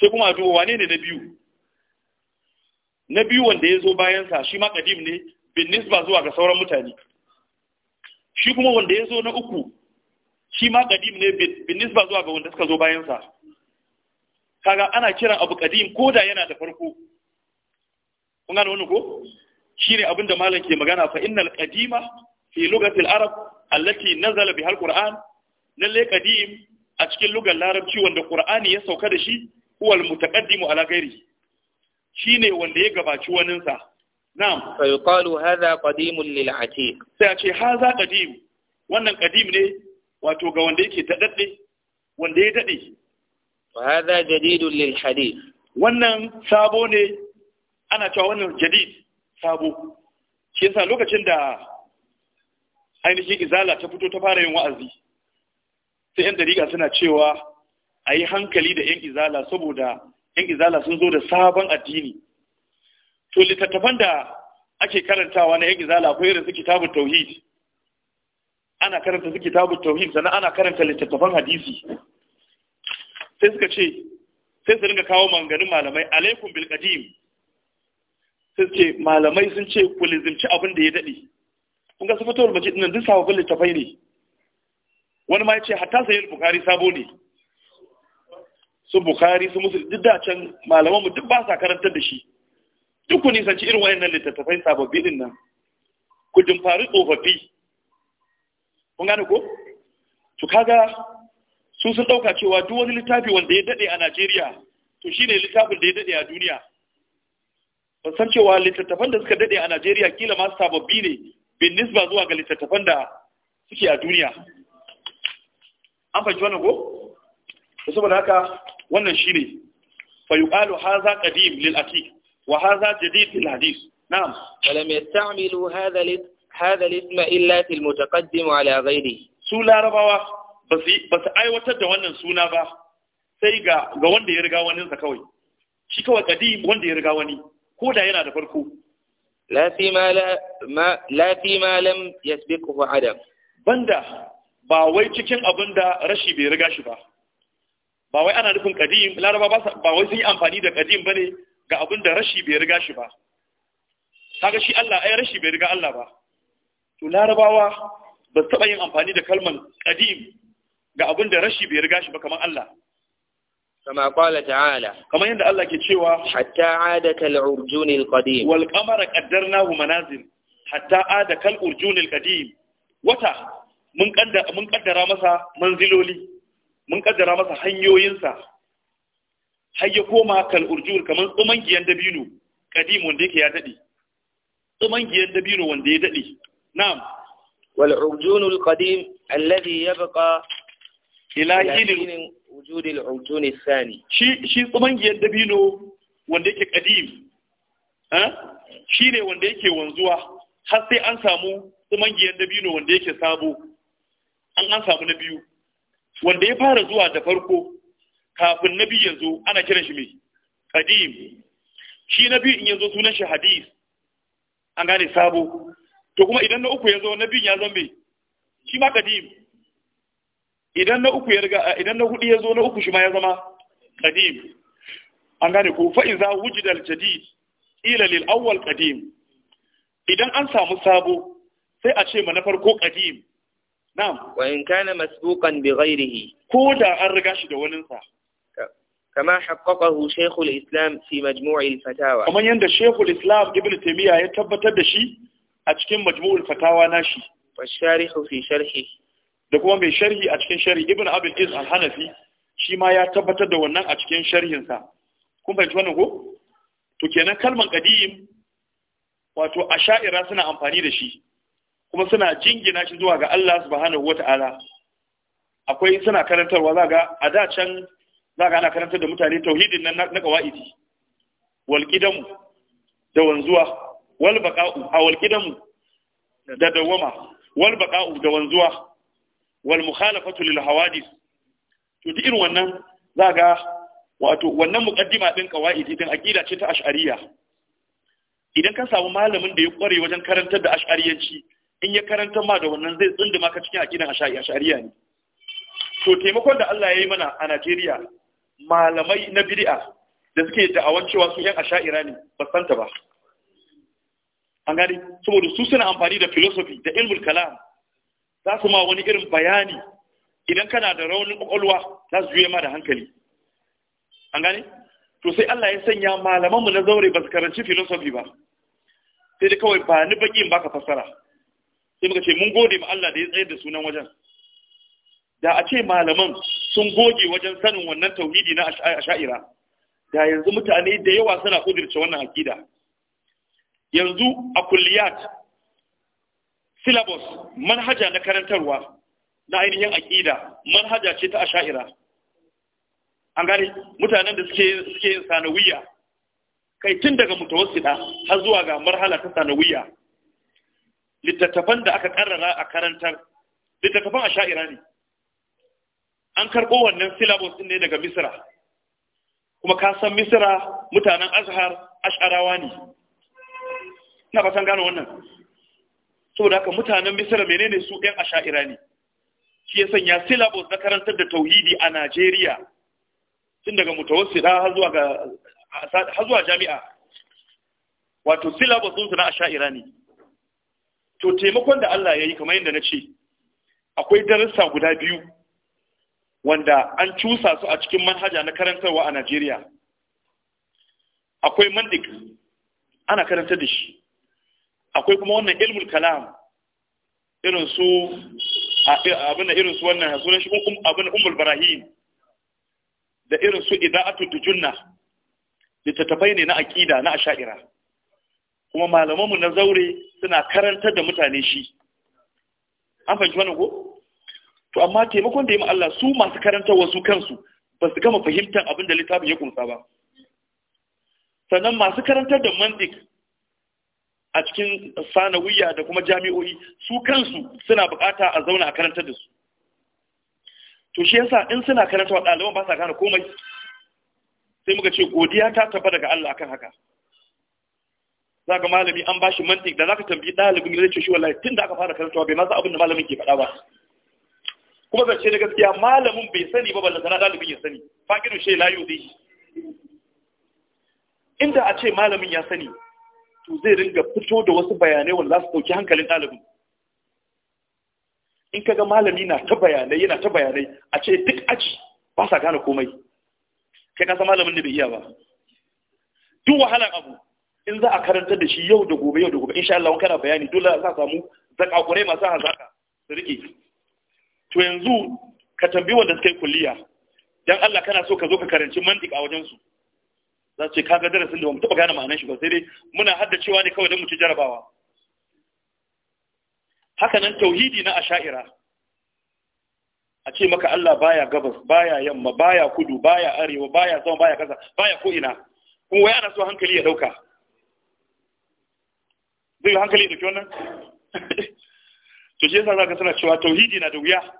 sai kuma a duba wane ne na biyu na biyu wanda ya zo bayansa shi ma kadim ne bin nisba zuwa ga sauran mutane shi kuma wanda ya zo na uku shi ma kadim ne bin nisba zuwa ga wanda suka zo bayansa kaga ana kiran abu kadim ko da yana da farko kun gane wani ko shi ne abinda malam ke magana fa innal qadima fi lugatil arab allati nazala bihal qur'an lalle ƙadim, a cikin lugar larabci wanda qur'ani ya sauka da shi huwal mutaqaddimu ala ghairi shine wanda ya gabaci waninsa na'am fa yuqalu hadha qadimun lil ce hadha qadim wannan qadim ne wato ga wanda yake dadadde wanda ya dade wa hadha jadidun wannan sabo ne ana cewa wannan jadid sabo lokacin da ainihin izala ta fito ta fara yin wa'azi sai yan dariƙa suna cewa a yi hankali da yan izala saboda yan izala sun zo da sabon addini to littattafan da ake karantawa na yan izala akwai irin su kitabun tauhid ana karanta su kitabun tauhid sannan ana karanta littattafan hadisi sai suka ce sai su ringa kawo manganin malamai alaikum bil qadim sai su ce malamai sun ce ku lizimci abin da ya dade kun ga su fitowar mace dinnan duk sababbin littattafai ne wani ma ya ce hatta sayyid bukhari sabo ne su bukhari su musulun duk da can malaman mu duk ba sa karantar da shi tukuni ku ci irin wayannan littattafai sababbi din nan ku dimfari tsofaffi kun gane ko to kaga su sun dauka cewa duk wani littafi wanda ya dade a Najeriya to shine littafin da ya dade a duniya ban san cewa littattafan da suka dade a Najeriya kila ma sababbi ne bin nisba zuwa ga littattafan da suke a duniya an fahimci wannan ko saboda haka wannan shine fa yuqalu hadha qadim lil atiq وهذا جديد الحديث نعم فلم يستعملوا هذا هذا الاسم الا في المتقدم على غيره سولا ربوا بس بس ايوتر ده wannan suna ba sai ga ga wanda ya riga wani sa kawai shi kawai kadim wanda ya riga wani ko da yana da farko la fi ma la fi ma banda ba wai cikin abinda rashi bai riga shi ba ba wai ana nufin kadim laraba ba wai sun yi amfani da kadim bane ga abin da rashi bai riga shi ba kaga shi Allah ai rashi bai riga Allah ba to larabawa ba taɓa yin amfani da kalman qadim ga abin da rashi bai riga shi ba kamar Allah kama qala ta'ala kamar yadda Allah ke cewa hatta ada kal urjun al qadim ƙaddar nahu qaddarnahu manazil hatta ada kal urjun al wata mun ƙaddara masa manziloli mun ƙaddara masa hanyoyinsa har ya koma kal urjur kamar Giyan dabino kadim wanda yake ya dade Giyan dabino wanda ya dade na'am wal urjun al qadim alladhi yabqa ila hilin wujud al urjun al thani shi shi Giyan dabino wanda yake kadim ha ne wanda yake wanzuwa har sai an samu Giyan dabino wanda yake sabo an an samu na biyu wanda ya fara zuwa da farko kafin nabi yanzu ana kiran shi mai kadim shi nabi in yanzu sunan shi hadis an gane sabo to kuma idan na uku ya zo nabi ya zambe shi ma kadim idan na uku ya riga idan na hudu ya zo na uku shi ma ya zama kadim an gane ko fa iza wujida al-jadid ila lil awwal qadim idan an samu sabo sai a ce ma na farko qadim na'am wa in kana masbuqan bi ghayrihi ko da an riga shi da waninsa كما حققه شيخ islam في مجموع الفتاوى كما يند shaykhul islam ابن taymiya ya tabbatar da shi a cikin majmu'ul fatawa nashi wa sharihu fi sharhi da kuma mai sharhi a cikin sharhi ibn abul al-hanafi shi ma ya tabbatar da wannan a cikin sharhinsa kun fahimci wannan go? to kenan kalman qadim wato asha'ira suna amfani da shi kuma suna jingina shi zuwa ga Allah subhanahu wata'ala akwai suna karantarwa za ga a da can za ka ana karantar da mutane tauhidin nan na kawa'idi wal da wanzuwa wal a wal da dawama wal da wanzuwa wal mukhalafatu lil hawadis to duk irin wannan za ga wato wannan muqaddima din kawa'idi din aqida ce ta ash'ariyya idan ka samu malamin da ya kware wajen karantar da ash'ariyanci in ya karanta ma da wannan zai tsinda ka cikin aqidan ash'ariyya ne to taimakon da Allah ya yi mana a Najeriya malamai na bid'a da suke da'awar cewa su yan asha'ira ne ba san ta ba an gani saboda su suna amfani da philosophy da ilmul kalam za su ma wani irin bayani idan kana da raunin kwakwalwa za su juye ma da hankali an gani to sai Allah ya sanya malaman mu na zaure ba su karanci philosophy ba sai da kawai ba ni in baka fassara sai muka ce mun gode ma Allah da ya tsayar da sunan wajen da a ce malaman sun goge wajen sanin wannan tauhidi na asha'ira da yanzu mutane da yawa suna kudirce wannan akida yanzu a kulliyat syllabus manhaja na karantarwa na ainihin akida manhaja ce ta asha'ira an gane mutanen da suke suke sanawiya kai tun daga mutawassida har zuwa ga marhala ta sanawiya littattafan da aka karrara a karantar littattafan asha'ira ne an karɓo wannan syllabus ɗin ne daga Misira. kuma ka san Misira mutanen azhar ash'arawa ne na ba san gane wannan saboda haka mutanen Misira menene su ɗan asha'ira ne shi ya sanya syllabus na karantar da tauhidi a najeriya tun daga mutawassida har zuwa har zuwa jami'a wato syllabus sun na asha'ira ne to taimakon da Allah ya yi kamar yadda na ce akwai darussa guda biyu wanda an cusa su a cikin manhaja na karantarwa a Najeriya akwai mandik ana karanta da shi akwai kuma wannan ilmul kalam irin su abin da irin su wannan sunan shi um, um, abin umul barahim da irin su ida'atu da littattafai ne na aƙida na asha'ira kuma malamanmu na zaure suna karanta da mutane shi an fahimci wannan ko to amma taimakon da ya Allah su masu karanta wasu kansu ba su gama fahimtar abin da littafin ya kunsa ba sannan masu karantar da mandik a cikin sanawiyya da kuma jami'o'i su kansu suna bukata a zauna a karantar da su to shi yasa in suna karanta wa ɗaliban ba sa gane komai sai muka ce godiya ta tabbata daga Allah akan haka za ga malami an bashi mantik da za ka tambayi ɗalibin da zai ce shi wallahi tun da aka fara karantawa bai ma abin da malamin ke faɗa ba kuma zance da gaskiya malamin bai sani ba ballantana dalibin ya sani faƙiru shi layu dai inda a ce malamin ya sani to zai ringa fito da wasu bayanai wanda za su ɗauki hankalin ɗalibin in kaga malami na ta bayanai yana ta bayanai a ce duk aji ba sa gane komai kai kasa malamin da bai iya ba duk wahalan abu in za a karanta da shi yau da gobe yau da gobe insha Allah kana bayani dole za a samu zakakurai masu hazaka su rike to yanzu ka tambi wanda suka yi kulliya dan Allah kana so ka zo ka karanci mantiq a wajen su za su ce kaga darasin da ba mu taba gane ma'anar shi ba sai dai muna haddacewa ne kawai dan mu ci jarabawa haka nan tauhidi na asha'ira a ce maka Allah baya gabas baya yamma baya kudu baya arewa baya sama baya kasa baya ko ina kuma wai ana so hankali ya dauka zai hankali da wannan <laughs> to shi yasa zaka suna cewa tauhidi na da wuya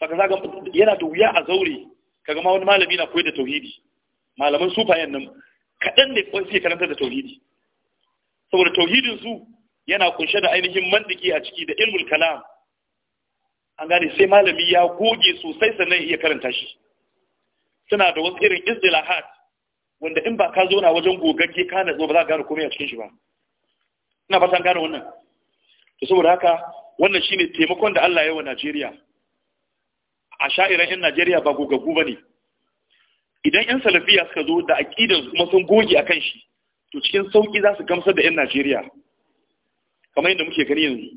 saka zaka yana da wuya a zaure kaga ma wani malami na koyar da tauhidi malaman sufayen nan kaɗan ne kawai suke karanta da tauhidi saboda tauhidin su yana kunshe da ainihin mantiki a ciki da ilmul kalam an gane sai malami ya goge sosai sannan iya karanta shi suna da wasu irin izdilahat wanda in ba ka zo na wajen gogagge ka zo ba za ka gane komai a cikin shi ba ina fatan gane wannan to saboda haka wannan shine taimakon da Allah ya wa Najeriya a sha'iran 'yan Najeriya ba gogaggu ba ne idan 'yan salafiya suka zo da aƙidar kuma sun goge a kan shi to cikin sauƙi za su gamsar da 'yan Najeriya kamar yadda muke gani yanzu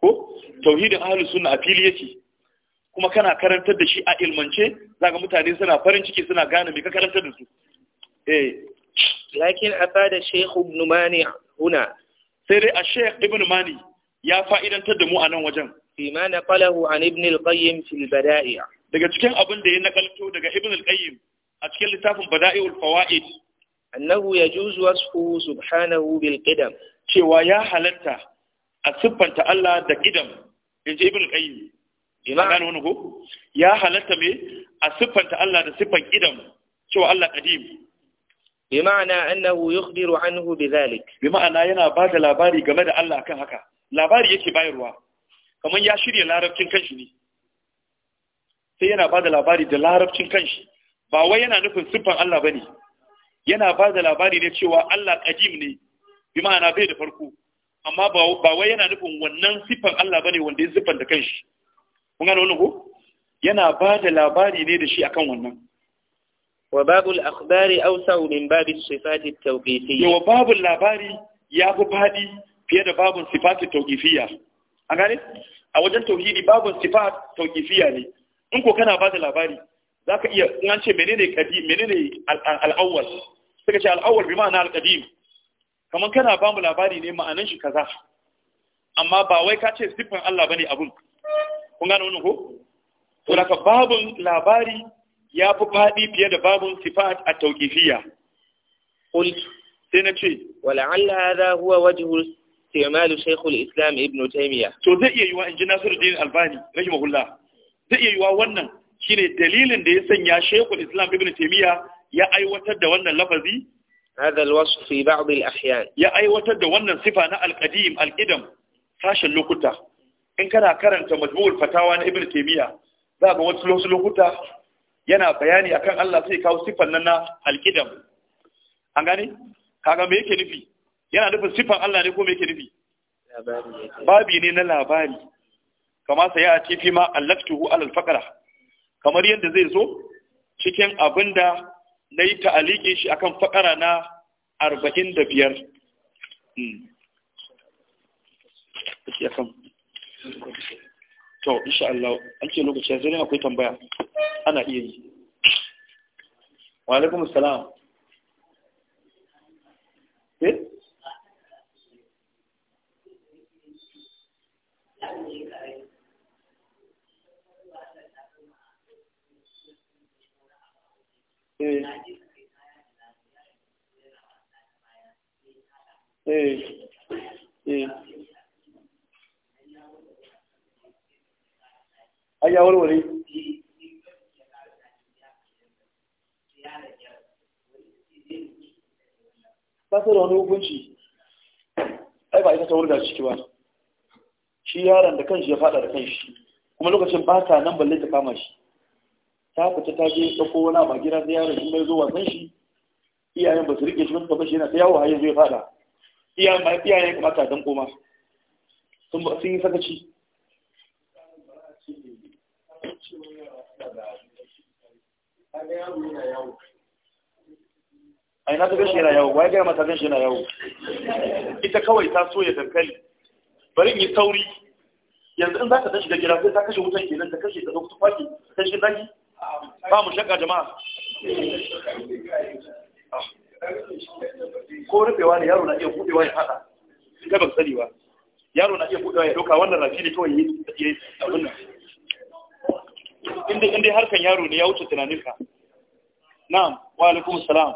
ko tauhidin ahlus suna a fili yake kuma kana karantar da shi a ilmance ga mutane suna farin ciki suna gane me ka karantar da su eh lakin afada shaykh ibn mani huna sai dai a shaykh ibn mani ya fa'idantar da mu a nan wajen bima naqalahu an ibn al-qayyim fil bada'i' daga cikin abin da ya nakalto daga ibn al-qayyim a cikin littafin bada'i'ul fawaid annahu yajuzu wasfuhu subhanahu bil qidam cewa ya halatta a siffanta Allah da qidam inji ibn al-qayyim ina gane wani ko ya halatta me a siffanta Allah da siffan qidam cewa Allah qadim Bi أنه يخبر عنه بذلك بمعنى ينا بعد لاباري قمد الله كان هكا labari yake bayarwa kamar ya shirya larabcin kanshi ne sai yana ba da labari da larabcin kanshi ba wai yana nufin siffan Allah ba ne yana ba da labari ne cewa Allah ƙajim ne bi ma'ana bai da farko amma ba wai yana nufin wannan siffan Allah ba ne wanda ya siffan da kanshi kun gane wani ko yana ba da labari ne da shi akan wannan وباب الأخبار أوسع من باب الصفات التوقيفية وباب اللاباري يا أبو بادي في هذا باب الصفات التوقيفية أغاني أوجد توحيد باب الصفات التوقيفية لي إنكو كان بعد اللاباري ذاك إيه أنت منين قديم منين الأول suka ce al'awar bi ma'ana alƙadim kamar kana ba mu labari ne ma'anan shi kaza amma ba wai ka ce siffan Allah bane abun kun gane wannan ya fi faɗi fiye da babun sifat a tauƙifiya. Kult sai na ce, Wala Allah hada huwa wajihul Timalu Shaikhul Islam Ibn Taymiyyah. To zai iya yiwa in ji Nasiru Nasiruddin Albani, rahimahullah. Zai iya yiwa wannan Shi ne dalilin da ya sanya Shaikhul Islam Ibn Taymiyyah ya aiwatar da wannan lafazi? Hada alwasf fi ba'd al-ahyan. Ya aiwatar da wannan sifa na al-qadim al-qidam sashen lokuta. In kana karanta majmu'ul fatawa na Ibn Taymiyyah, za ga wasu lokuta yana bayani akan Allah sai kawo sifan nan na alkidam an gane kaga me yake nufi yana nufin sifan Allah ne ko me yake nufi babi ne na labari kama sai ya ce fi ma allaftuhu alal faqra kamar yadda zai zo cikin abinda na yi ta'aliƙin shi akan faqara na arba'in da biyar Thank hmm. you. to insha Allah an ce lokaci yanzu ne akwai tambaya ana iya yi wa alaikum eh eh eh eh ai ya warware ba su da wani hukunci ai ba ita ta wurga ciki ba shi yaron da kanshi ya fada da kanshi kuma lokacin ba ta nan balle ta kama shi ta fita ta je ɗauko wani abu a gida sai yaron in bai zo wasan shi iyayen ba su rike shi ba shi yana ta yawo har yanzu ya fada iyayen ba iyayen kamata dan koma sun yi sakaci a ina tafi shi yana yawo wai gaya mata gan shi yana yawo ita kawai ta soya dankali bari in yi sauri yanzu in za ka tashi da gida sai ta kashe wutan nan ta kashe ta ɗauki kwaki, ta shi zaki ba mu shakka jama'a ko rufewa ne yaro na iya buɗewa ya haɗa kai ba sani ba yaro na iya buɗewa ya ɗauka wannan rafi ne kawai ya yi abin nan inda inda harkan yaro ne ya wuce tunaninka na'am wa alaikum salam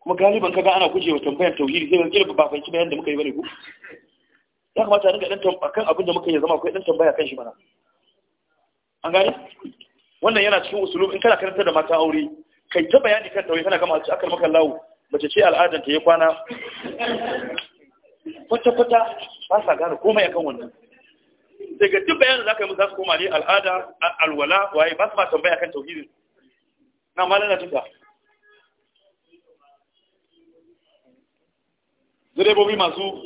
kuma galiban kaga ana gujewa tambayar tauhidi sai ga ba fanci bayan da muka yi bane ku ya kamata ringa dan tambaya kan abin da muka yi zama akwai dan tambaya kan shi bana an gane wannan yana cikin usulub in kana karanta da mata aure kai ta bayani kan tauhidi kana kama a akal maka lawo mace ce al'adanta ya kwana kwata-kwata ba sa gane komai kan wannan daga duk bayanin za ka yi za su koma ne al'ada alwala waye ba su ma tambaya kan tauhidin na malana tuka direbobi masu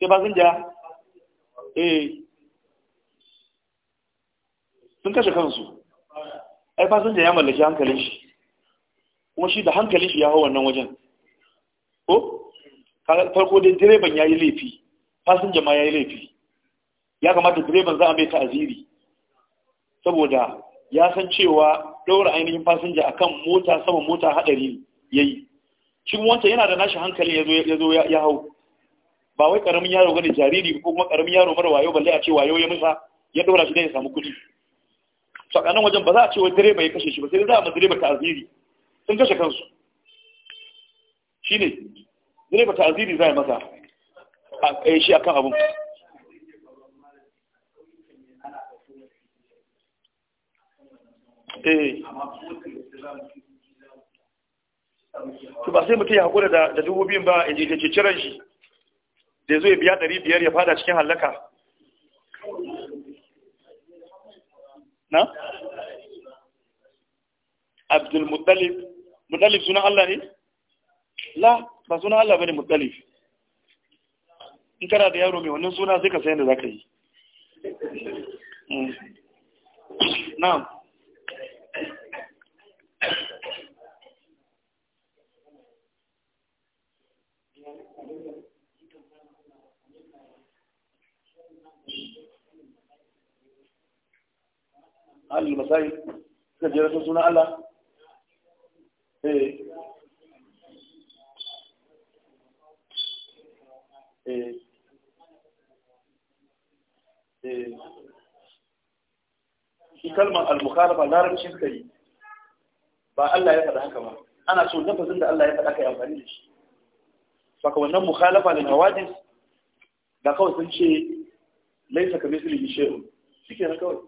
sai ba sun ja eh sun kashe kansu ai fasinja ya mallaki hankalin shi kuma shi da hankalin shi ya hau wannan wajen ko farko dai direban ya yi laifi fasinja ma ya yi laifi ya kamata direban za a mai ta'aziri saboda ya san cewa ɗaura ainihin fasinja akan mota sama mota haɗari ya yi shi wancan yana da nashi hankali ya zo ya hau ba wai ƙaramin yaro gane jariri ko kuma ƙaramin yaro mara wayo balle a ce wayo ya musa ya ɗora shi don ya samu kuɗi tsakanin wajen ba za a ce wai direba ya kashe shi ba sai za a ma direba ta'aziri sun kashe kansu shine direba ta'aziri za a masa a kai shi akan abun eh to ba sai mutum ya haƙura da dubu biyun ba ya je ciran shi da ya zo ya biya ɗari biyar ya fada cikin hallaka na abdul muttalib muttalib suna Allah ne la ba suna Allah bane muttalib in kana da yaro mai wannan suna sai ka sayar da zaka yi hmm. na'am ahlul masail suka jira sun sunan Allah eh. Eh. Eh. shi kalmar al-mukhalafa larabci suka yi ba Allah ya faɗa haka ba ana so lafazin da Allah ya faɗa yi amfani da shi saka wannan mukhalafa da nawadis da kawai sun ce laisa ka mislihi ke shikenan kawai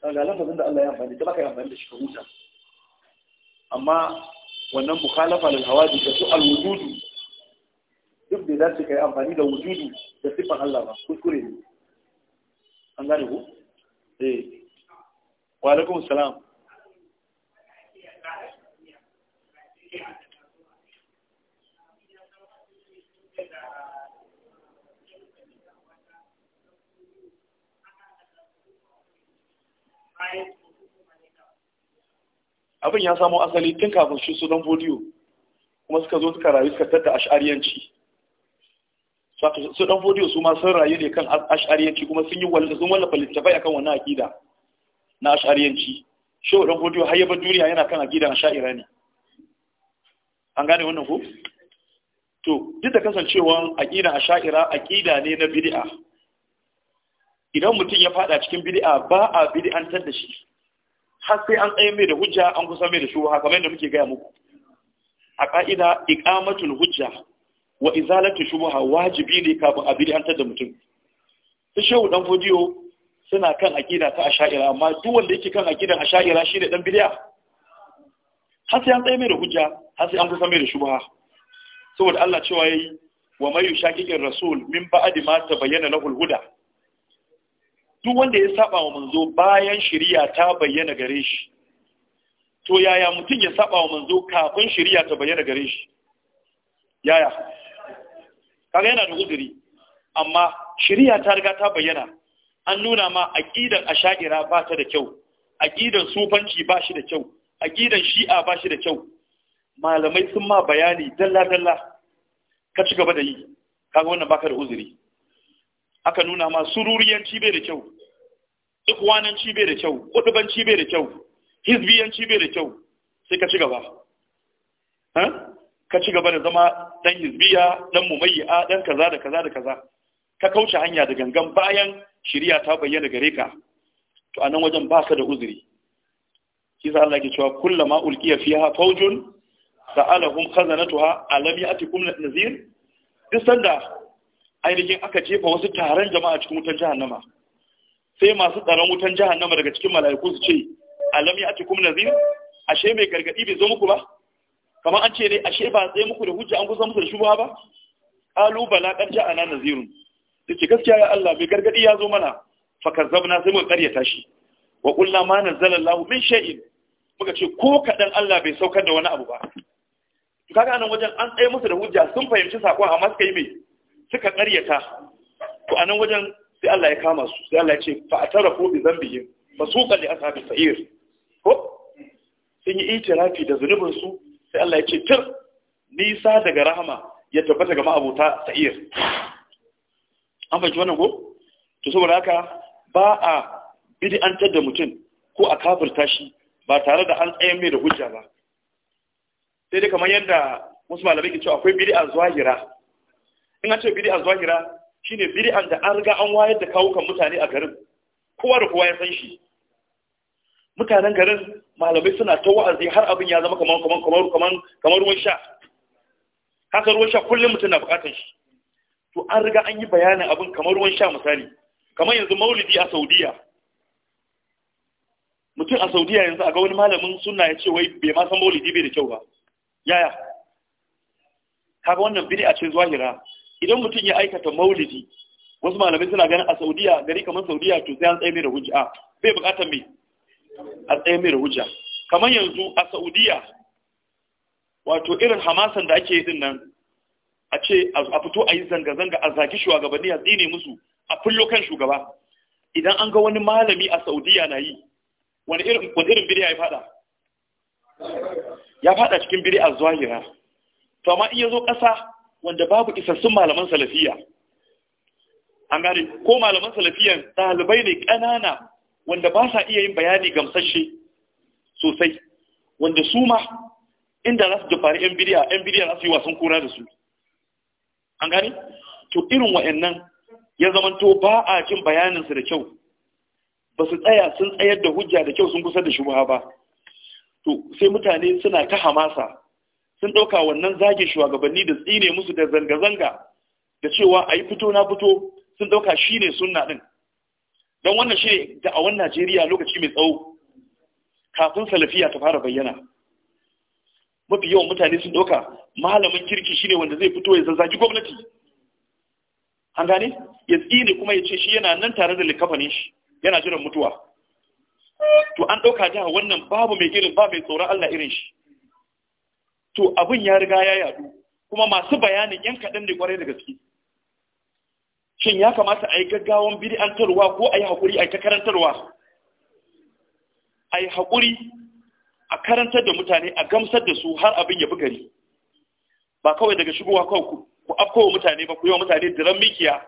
kaga lafazin da Allah ya amfani ta baka amfani da shi ka huta amma wannan mukhalafa lil hawadi da su al wujudu duk da zasu kai amfani da wujudu da sifan Allah ba kuskure ne an gane ku eh wa alaikum salam abin ya samo asali tun kafin shi su don bodiyo kuma suka zo suka rayu suka tattara ash'ariyanci su don bodiyo su ma sun rayu ne kan ash'ariyanci kuma sun yi wallafa littafai akan wannan akida na ash'ariyanci shehu dan fodiyo har yabar duniya yana kan na Shaira ne an gane wannan ku? to duk da kasancewa a Shaira akida ne na bid'a idan mutum ya fada cikin bid'a ba a bid'antar da shi har sai an tsaye mai da hujja an kusa mai da ha kamar yadda muke gaya muku a ka'ida iqamatul hujja wa izalatu shubha wajibi ne kafin a bid'antar da mutum su shehu dan fodiyo suna kan aqida ta asha'ira amma duk wanda yake kan aqidan asha'ira shine dan bid'a har sai an tsaye mai da hujja har sai an kusa mai da shubha saboda Allah cewa yayi wa may yushaqiqir rasul min ba'di ma tabayyana lahul huda duk wanda ya saba wa manzo bayan shari'a ta bayyana gare shi to yaya mutum ya saba wa manzo kafin shari'a ta bayyana gare shi yaya kaga yana da uzuri amma shari'a ta riga ta bayyana an nuna ma aqidan asha'ira ba ta da kyau aqidan sufanci ba shi da kyau aqidan shi'a ba shi da kyau malamai sun ma bayani dalla dalla ka ci gaba da yi kaga wannan baka da uzuri aka nuna ma sururiyanci bai da kyau ikwananci bai da kyau kudubanci bai da kyau hizbiyanci bai da kyau sai ka ci gaba ka ci gaba da zama dan hizbiya dan mumayya dan kaza da kaza da kaza ka kauce hanya da gangan bayan shari'a ta bayyana gare ka to anan wajen baka da uzuri shi sa Allah ke cewa kullama ulqiya fiha fawjun sa'alahum khazanatuha alam ya'tikum nadhir duk sanda ainihin aka jefa wasu taron jama'a cikin wutan jahannama sai masu tsaron wutan jahannama daga cikin mala'iku su ce alam ya ati kum nazir ashe mai gargadi bai zo muku ba kamar an ce ne ashe ba tsaye muku da hujja an kusa musu da shubha ba qalu bala qad ana nazirun dace gaskiya ya Allah mai gargadi ya zo mana fa kazzabna sai mu karyata shi wa qulna ma nazzala Allahu min shay'in muka ce ko kadan Allah bai saukar da wani abu ba kaga anan wajen an tsaye musu da hujja sun fahimci sakon amma suka yi mai suka ƙaryata to anan wajen sai Allah ya kama su sai Allah ya ce fa atarafu bi dhanbihim fasuqan li ashabi sa'ir ko sun yi itirafi da zunubin su sai Allah ya ce tir nisa daga rahama ya tabbata ga ma'abuta sa'ir an fahimci wannan ko to saboda haka ba a bid'antar da mutum ko a kafirta shi ba tare da an tsayen mai da hujja ba sai dai kamar yadda wasu malamai ke cewa akwai bid'a zahira in an ce bid'a zahira shine bid'an da an riga an wayar da kawukan mutane a garin kowa da kowa ya san shi mutanen garin malamai suna ta wa'azi har abin ya zama kamar kamar kamar kamar ruwan sha haka ruwan sha kullum mutum na bukatar shi to an riga an yi bayanin abin kamar ruwan sha misali kamar yanzu maulidi a saudiya mutum a saudiya yanzu a ga wani malamin suna ya ce wai bai ma san maulidi bai da kyau ba yaya kaga wannan bid'a ce hira. idan mutum ya aikata maulidi wasu malamai suna ganin a saudiya gari kamar saudiya to sai an tsaye mai da hujja ah, bai bukatar mai a tsaye mai da kamar yanzu a saudiya wato irin hamasan da ake yi nan a ce a fito a yi zanga-zanga a zagi shugabanni a tsine musu a fullo kan shugaba idan an ga wani malami a saudiya na yi wani irin biri ya fada cikin biri a zuwa to amma in ya zo ƙasa wanda babu isassun malaman salafiya an gane ko malaman salafiyan ɗalibai ne ƙanana wanda ba sa iya yin bayani gamsashe sosai wanda su ma inda za su jafari yan bidiya yan bidiya za su yi wasan kura da su an gane to irin wa'annan ya zamanto ba a cin bayaninsu da kyau ba su tsaya sun tsayar da hujja da kyau sun kusa da shubuha ba to sai mutane suna ta hamasa sun ɗauka wannan zagin shugabanni da tsine musu da zanga-zanga da cewa a yi fito na fito sun ɗauka shi ne sunna ɗin don wannan shi da a wannan najeriya lokaci mai tsawo kafin salafiya ta fara bayyana mafi yawan mutane sun ɗauka malamin kirki shine wanda zai fito ya zazzagi gwamnati an gane ya tsine kuma ya ce shi yana nan tare da likafanin shi yana jiran mutuwa to an ɗauka jiha wannan babu mai irin ba mai tsoron allah irin shi to abin ya riga ya yadu kuma masu bayanin yan kaɗan ne kwarai da gaske shin ya kamata a yi gaggawan bid'antarwa ko a yi haƙuri a yi ta karantarwa a yi haƙuri a karantar da mutane a gamsar da su har abin ya bi gari ba kawai daga shigowa kawai ku afkowa mutane ba ku yi wa mutane diran mikiya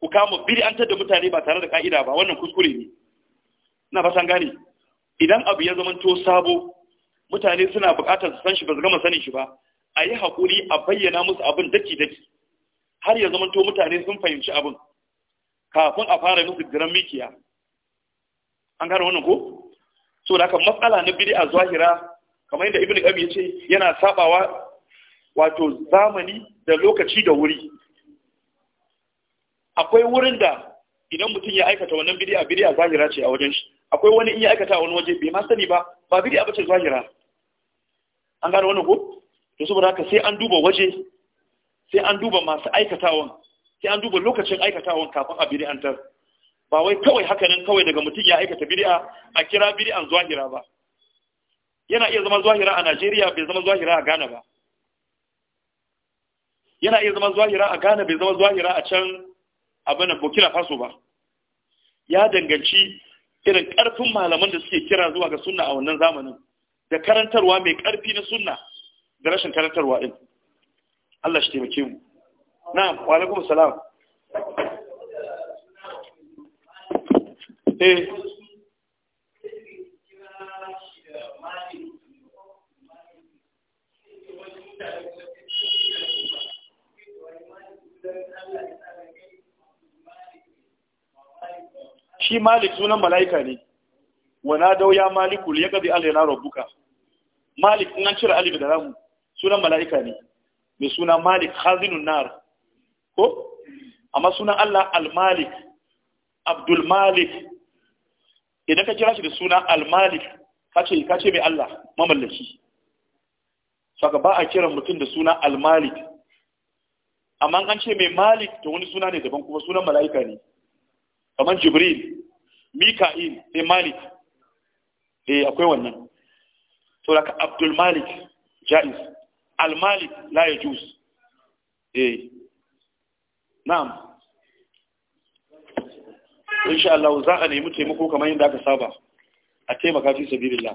ku kama bid'antar da mutane ba tare da ka'ida ba wannan kuskure ne na fasan gane idan abu ya zama to sabo mutane suna buƙatar su san shi ba su gama sanin shi ba a yi haƙuri a bayyana musu abin daki-daki har ya to mutane sun fahimci abin kafin a fara musu diran mikiya an gane wannan ko so da matsala na a zahira kamar yadda ibnu qabi yace yana sabawa wato zamani da lokaci da wuri akwai wurin da idan mutum ya aikata wannan biri a zahira ce a wajen shi akwai wani in ya aikata a wani waje bai ma sani ba ba a bace zahira an gano wannan ko to saboda haka sai an duba waje sai an duba masu aikatawan sai an duba lokacin aikatawan kafin a bid'antar ba wai kawai hakanan kawai daga mutum ya aikata bidi'a a kira bidi'an zahira ba yana iya zama zahira a Najeriya bai zama zahira a Ghana ba yana iya zama zahira a Ghana bai zama zahira a can abin da Burkina Faso ba ya danganci irin karfin malaman da suke kira zuwa ga sunna a wannan zamanin da karantarwa mai ƙarfi na sunna da rashin karantarwa ɗin Allah shi taimake mu na'am wa salam eh shi malik sunan mala'ika ne wana dau ya maliku ya gabi alaina rubuka. malik in an cire alif da ramu sunan mala'ika ne mai suna malik Khazinun nar ko amma sunan Allah al-malik abdul malik idan ka kira shi da suna al-malik kace kace mai Allah mamallaki saka ba a kiran mutum da suna al-malik amma an ce mai malik to wani suna ne daban kuma sunan mala'ika ne kamar jibril mika'il sai malik eh akwai wannan saboda ka abdul malik jaiz al malik la yajuz eh na'am insha Allah za a nemi taimako kamar yadda aka saba a taimaka fi sabilillah